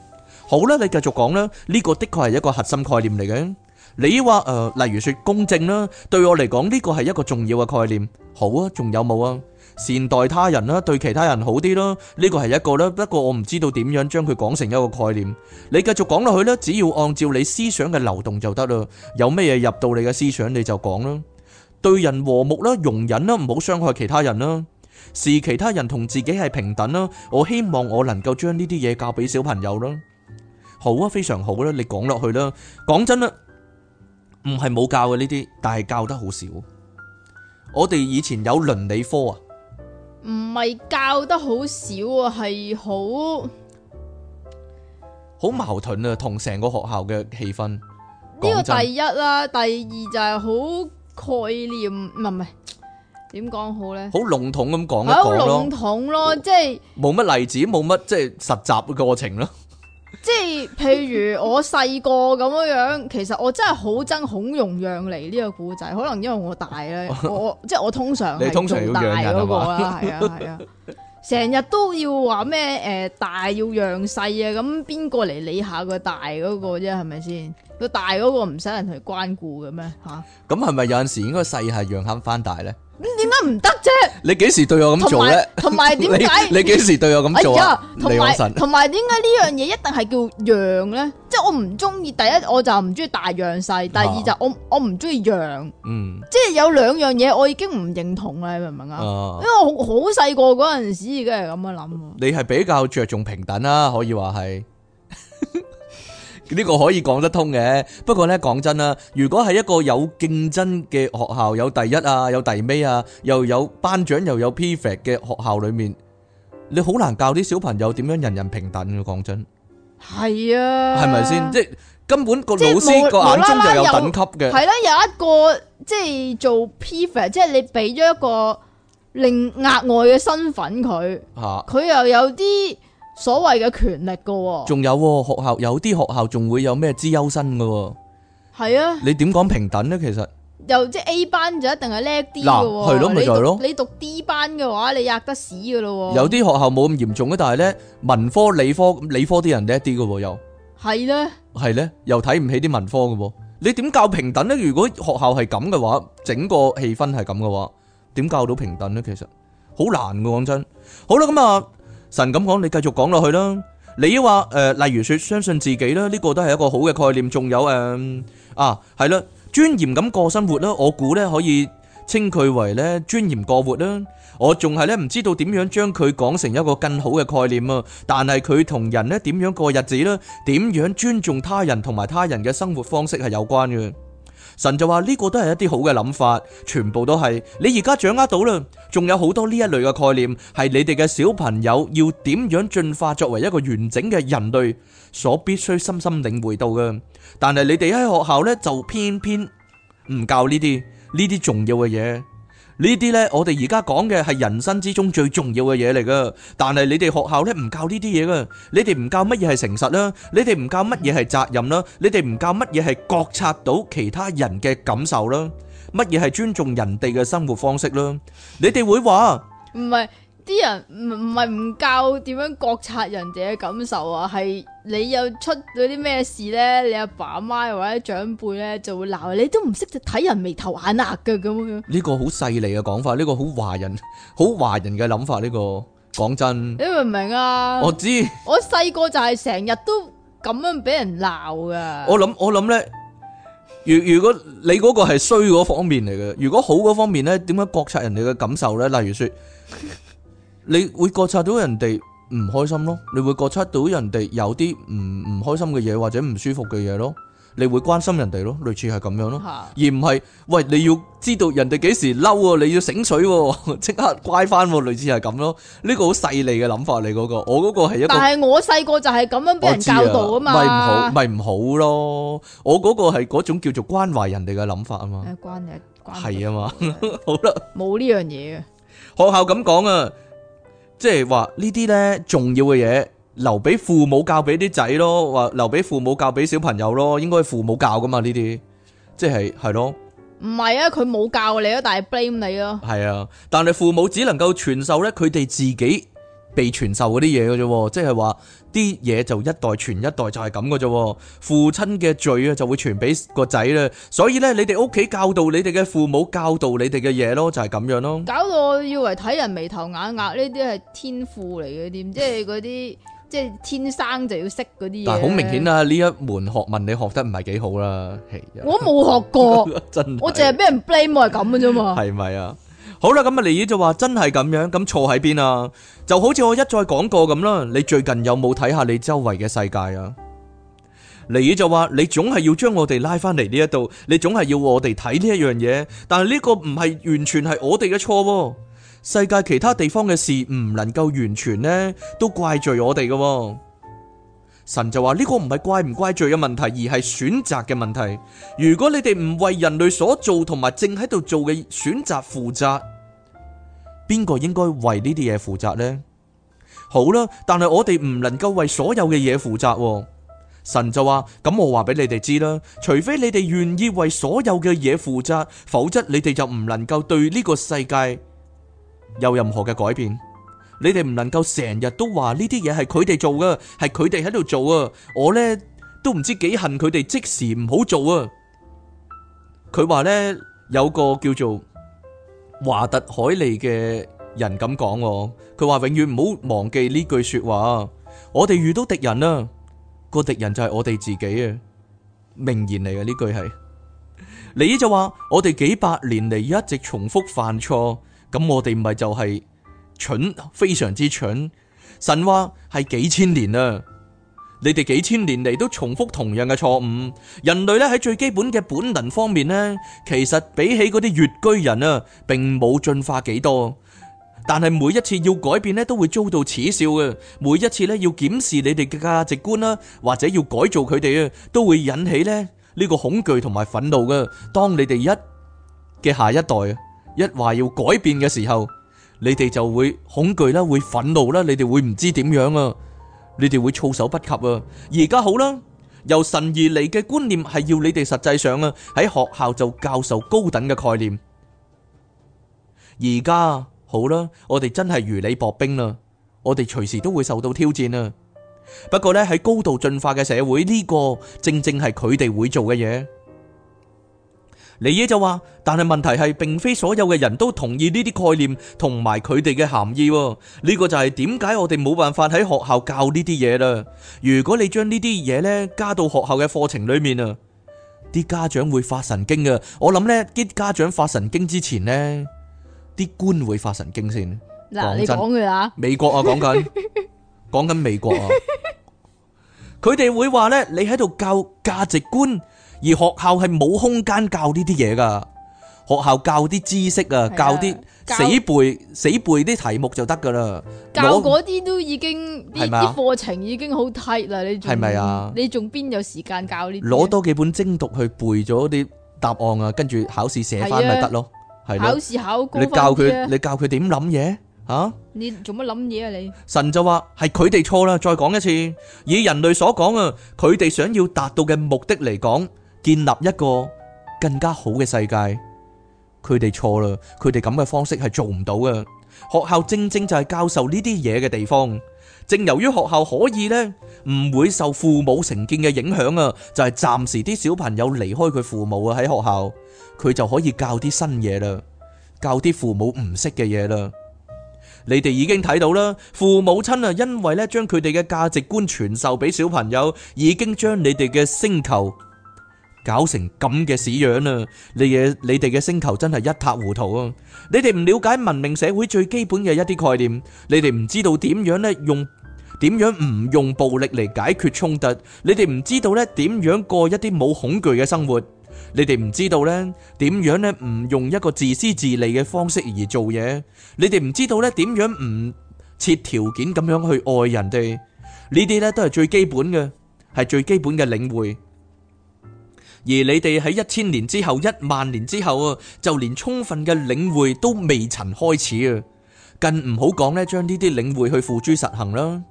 好啦，你繼續講啦，呢個的確係一個核心概念嚟嘅。你話，誒，例如說公正啦，對我嚟講呢個係一個重要嘅概念。好啊，仲有冇啊？善待他人啦，對其他人好啲啦，呢個係一個啦。不過我唔知道點樣將佢講成一個概念。你繼續講落去啦，只要按照你思想嘅流動就得啦。有咩嘢入到你嘅思想，你就講啦。對人和睦啦，容忍啦，唔好傷害其他人啦，視其他人同自己係平等啦。我希望我能夠將呢啲嘢教俾小朋友啦。好啊，非常好啦，啊，你講落去啦。講真啦，唔係冇教嘅呢啲，但係教得好少。我哋以前有倫理科啊，唔係教得好少啊，係好，好矛盾啊，同成個學校嘅氣氛。呢個第一啦，啊，第二就係好。概念，唔係唔係點講好咧？好籠統咁講好籠統咯，籠統咯，即係冇乜例子，冇乜即係實習嘅過程咯。即係 譬如我細個咁樣樣，其實我真係好憎孔融讓梨呢個古仔，可能因為我大咧， 我即係我通常，那個、你通常大嗰個啦，係啊係啊，成日，啊啊、都要話咩誒，大要讓細啊，咁邊、個嚟理下個大嗰個啫？係咪先？大個大嗰個唔使人同佢關顧嘅咩吓？咁係咪有陣時應該細係讓堪翻大咧？咁點解唔得啫？你幾時對我咁做咧？同埋點解？ 你幾時對我咁做同埋同埋點解呢樣嘢、哎、一定係叫讓咧？即係 我唔中意。第一我就唔中意大讓細。第二就我我唔中意讓。嗯，即係有兩樣嘢我已經唔認同啦。你明唔明啊？因為我好細個嗰陣時已經係咁樣諗。樣，你係比較着重平等啦，可以話係。 呢個可以講得通嘅，不過呢講真啦，如果係一個有競爭嘅學校，有第一啊，有第尾啊，又有班長，又有 prefect 嘅學校裏面，你好難教啲小朋友點樣人人平等嘅。講真，係啊，係咪先？即係根本個老師個眼中就有等級嘅。係啦，有一個即係做 prefect，即係你俾咗一個另額外嘅身份佢，佢又有啲。所謂嘅權力噶，仲有學校，有啲學校仲會有咩資優生噶，係啊，你點講平等咧？其實又即係 A 班就一定係叻啲噶，係咯，咪就係咯，你讀 D 班嘅話，你壓得屎噶咯。有啲學校冇咁嚴重嘅，但係咧，文科理科，理科啲人叻啲噶，又係咧，係咧，又睇唔起啲文科噶。你點教平等咧？如果學校係咁嘅話，整個氣氛係咁嘅話，點教到平等咧？其實好難噶，講真。好啦，咁啊。神咁講，你繼續講落去啦。你話誒、呃，例如說相信自己啦，呢、這個都係一個好嘅概念。仲有誒、呃、啊，係啦，尊嚴咁過生活啦，我估呢可以稱佢為呢尊嚴過活啦。我仲係呢唔知道點樣將佢講成一個更好嘅概念啊。但係佢同人呢點樣過日子呢？點樣尊重他人同埋他人嘅生活方式係有關嘅。神就話呢個都係一啲好嘅諗法，全部都係你而家掌握到啦。仲有好多呢一類嘅概念，係你哋嘅小朋友要點樣進化作為一個完整嘅人類所必須深深領會到嘅。但係你哋喺學校呢，就偏偏唔教呢啲，呢啲重要嘅嘢。呢啲呢，我哋而家講嘅係人生之中最重要嘅嘢嚟噶，但係你哋學校呢，唔教呢啲嘢噶，你哋唔教乜嘢係誠實啦，你哋唔教乜嘢係責任啦，你哋唔教乜嘢係覺察到其他人嘅感受啦，乜嘢係尊重人哋嘅生活方式啦，你哋會話：唔係。啲人唔唔係唔教點樣觀察人哋嘅感受啊？係你有出咗啲咩事咧？你阿爸阿媽或者長輩咧就會鬧你，都唔識就睇人眉頭眼額嘅咁樣。呢個好勢利嘅講法，呢、這個好華人好華人嘅諗法。呢、這個講真，你明唔明啊？我知我細個就係成日都咁樣俾人鬧噶。我諗我諗咧，如果如果你嗰個係衰嗰方面嚟嘅，如果好嗰方面咧，點樣觀察人哋嘅感受咧？例如說。 你會覺察到人哋唔開心咯，你會覺察到人哋有啲唔唔開心嘅嘢或者唔舒服嘅嘢咯，你會關心人哋咯，類似係咁樣咯，而唔係喂你要知道人哋幾時嬲啊，你要醒水喎，即刻乖翻喎，類似係咁咯，呢個好細膩嘅諗法你嗰個，我嗰個係一個，但係我細個就係咁樣俾人教導啊嘛，咪唔好咪唔好咯，我嗰個係嗰種叫做關懷人哋嘅諗法啊嘛，係啊嘛，好啦，冇呢樣嘢嘅學校咁講啊。即係話呢啲呢，重要嘅嘢留俾父母教俾啲仔咯，或留俾父母教俾小朋友咯，應該係父母教噶嘛呢啲，即係係咯。唔係啊，佢冇教你但 blame 啊，但係 blame 你咯。係啊，但係父母只能夠傳授呢佢哋自己。被傳授嗰啲嘢嘅啫，即係話啲嘢就是、一代傳一代就係咁嘅啫。父親嘅罪啊，就會傳俾個仔啦。所以咧，你哋屋企教導你哋嘅父母教導你哋嘅嘢咯，就係、是、咁樣咯。搞到我以為睇人眉頭眼額呢啲係天賦嚟嘅添，即係嗰啲即係天生就要識嗰啲嘢。但係好明顯啊，呢一門學問你學得唔係幾好啦。係啊、我冇學過， 真的我淨係俾人 blame 係咁嘅啫嘛。係咪 啊？好啦，咁啊，尼爾就話真係咁樣，咁錯喺邊啊？就好似我一再講過咁啦，你最近有冇睇下你周圍嘅世界啊？尼爾就話，你總係要將我哋拉翻嚟呢一度，你總係要，要我哋睇呢一樣嘢，但係呢個唔係完全係我哋嘅錯，世界其他地方嘅事唔能夠完全呢都怪罪我哋噶。神就話呢個唔係怪唔怪罪嘅問題，而係選擇嘅問題。如果你哋唔為人類所做同埋正喺度做嘅選擇負責，邊個應該為呢啲嘢負責呢？好啦，但係我哋唔能夠為所有嘅嘢負責。神就話：咁我話俾你哋知啦，除非你哋願意為所有嘅嘢負責，否則你哋就唔能夠對呢個世界有任何嘅改變。你哋唔能夠成日都話呢啲嘢，係佢哋做嘅，係佢哋喺度做啊！我呢都唔知幾恨佢哋即時唔好做啊！佢話呢，有個叫做華特海利嘅人咁講，佢話永遠唔好忘記呢句說話，我哋遇到敵人啊，個敵人就係我哋自己啊！名言嚟嘅，呢句係，你就話我哋幾百年嚟一直重複犯錯，咁我哋咪就係、是。蠢，非常之蠢，神話係幾千年啦，你哋幾千年嚟，都重複同樣嘅錯誤。人類咧喺最基本嘅本能方面咧，其實比起嗰啲穴居人啊，並冇進化幾多。但係每一次要改變咧，都會遭到恥笑嘅；每一次咧要檢視你哋嘅價值觀啦，或者要改造佢哋啊，都會引起咧呢個恐懼同埋憤怒嘅。當你哋一嘅下一代一話要改變嘅時候。你哋就會恐懼啦，會憤怒啦，你哋會唔知點樣啊，你哋會措手不及啊。而家好啦，由神而嚟嘅觀念係要你哋實際上啊，喺學校就教授高等嘅概念。而家好啦，我哋真係如履薄冰啦，我哋隨時都會受到挑戰啊。不過呢，喺高度進化嘅社會，呢個正正係佢哋會做嘅嘢。你爺就話，但係問題係，並非所有嘅人都同意呢啲概念同埋佢哋嘅涵義。呢、呢個就係點解我哋冇辦法喺學校教呢啲嘢啦。如果你將呢啲嘢呢加到學校嘅課程裏面啊，啲家長會發神經嘅。我諗呢，啲家長發神經之前呢，啲官會發神經先。嗱喏，你講佢啊？美國啊，講緊講緊美國啊，佢哋 會話呢，你喺度教價值觀。而學校係冇空間教呢啲嘢噶，學校教啲知識啊，教啲死背死背啲題目就得噶啦。教嗰啲都已經啲課程已經好 tight 啦，你係咪啊？你仲邊有時間教呢啲？攞多幾本精讀去背咗啲答案啊，跟住考試寫翻咪得咯，係咯。考試考高分。你教佢，你教佢點諗嘢啊？你做乜諗嘢啊？你神就話係佢哋錯啦，再講一次，以人類所講啊，佢哋想要達到嘅目的嚟講。建立一個更加好嘅世界，佢哋錯啦，佢哋咁嘅方式係做唔到嘅。學校正正就係教授呢啲嘢嘅地方，正由於學校可以呢唔會受父母成見嘅影響啊，就係暫時啲小朋友離開佢父母啊喺學校，佢就可以教啲新嘢啦，教啲父母唔識嘅嘢啦。你哋已經睇到啦，父母親啊，因為呢將佢哋嘅價值觀傳授俾小朋友，已經將你哋嘅星球。搞成咁嘅屎樣啊！你嘢，你哋嘅星球真係一塌糊塗啊！你哋唔了解文明社會最基本嘅一啲概念，你哋唔知道點樣咧用，點樣唔用暴力嚟解決衝突，你哋唔知道咧點樣過一啲冇恐懼嘅生活，你哋唔知道咧點樣咧唔用一個自私自利嘅方式而做嘢，你哋唔知道咧點樣唔設條件咁樣去愛人哋，呢啲咧都係最基本嘅，係最基本嘅領會。而你哋喺一千年之後，一萬年之後啊，就連充分嘅領會都未曾開始啊，更唔好講呢，將呢啲領會去付諸實行啦。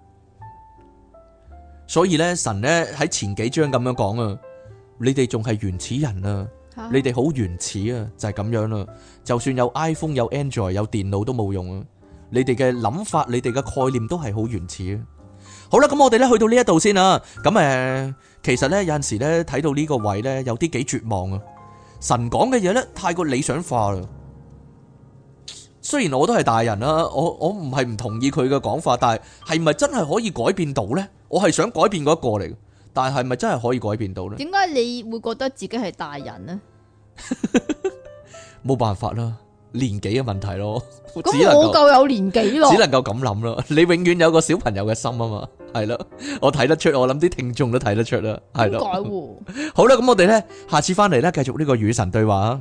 所以呢，神呢，喺前幾章咁樣講啊，你哋仲係原始人啊，你哋好原始啊，就係咁樣啦。就算有 iPhone、有 Android、有電腦都冇用啊，你哋嘅諗法，你哋嘅概念都係好原始啊。好啦，咁我哋呢去到呢一度先啊。咁誒。呃其實咧有陣時咧睇到呢個位咧有啲幾絕望啊！神講嘅嘢咧太過理想化啦。雖然我都係大人啦，我我唔係唔同意佢嘅講法，但係係咪真係可以改變到呢？我係想改變嗰、那、一個嚟，但係係咪真係可以改變到呢？點解你會覺得自己係大人呢？冇 辦法啦。年紀嘅問題咯，只能夠我夠有年紀咯，只能夠咁諗咯。你永遠有個小朋友嘅心啊嘛，係咯，我睇得出，我諗啲聽眾都睇得出啦，係咯。 好啦，咁我哋咧，下次翻嚟咧，繼續呢個與神對話。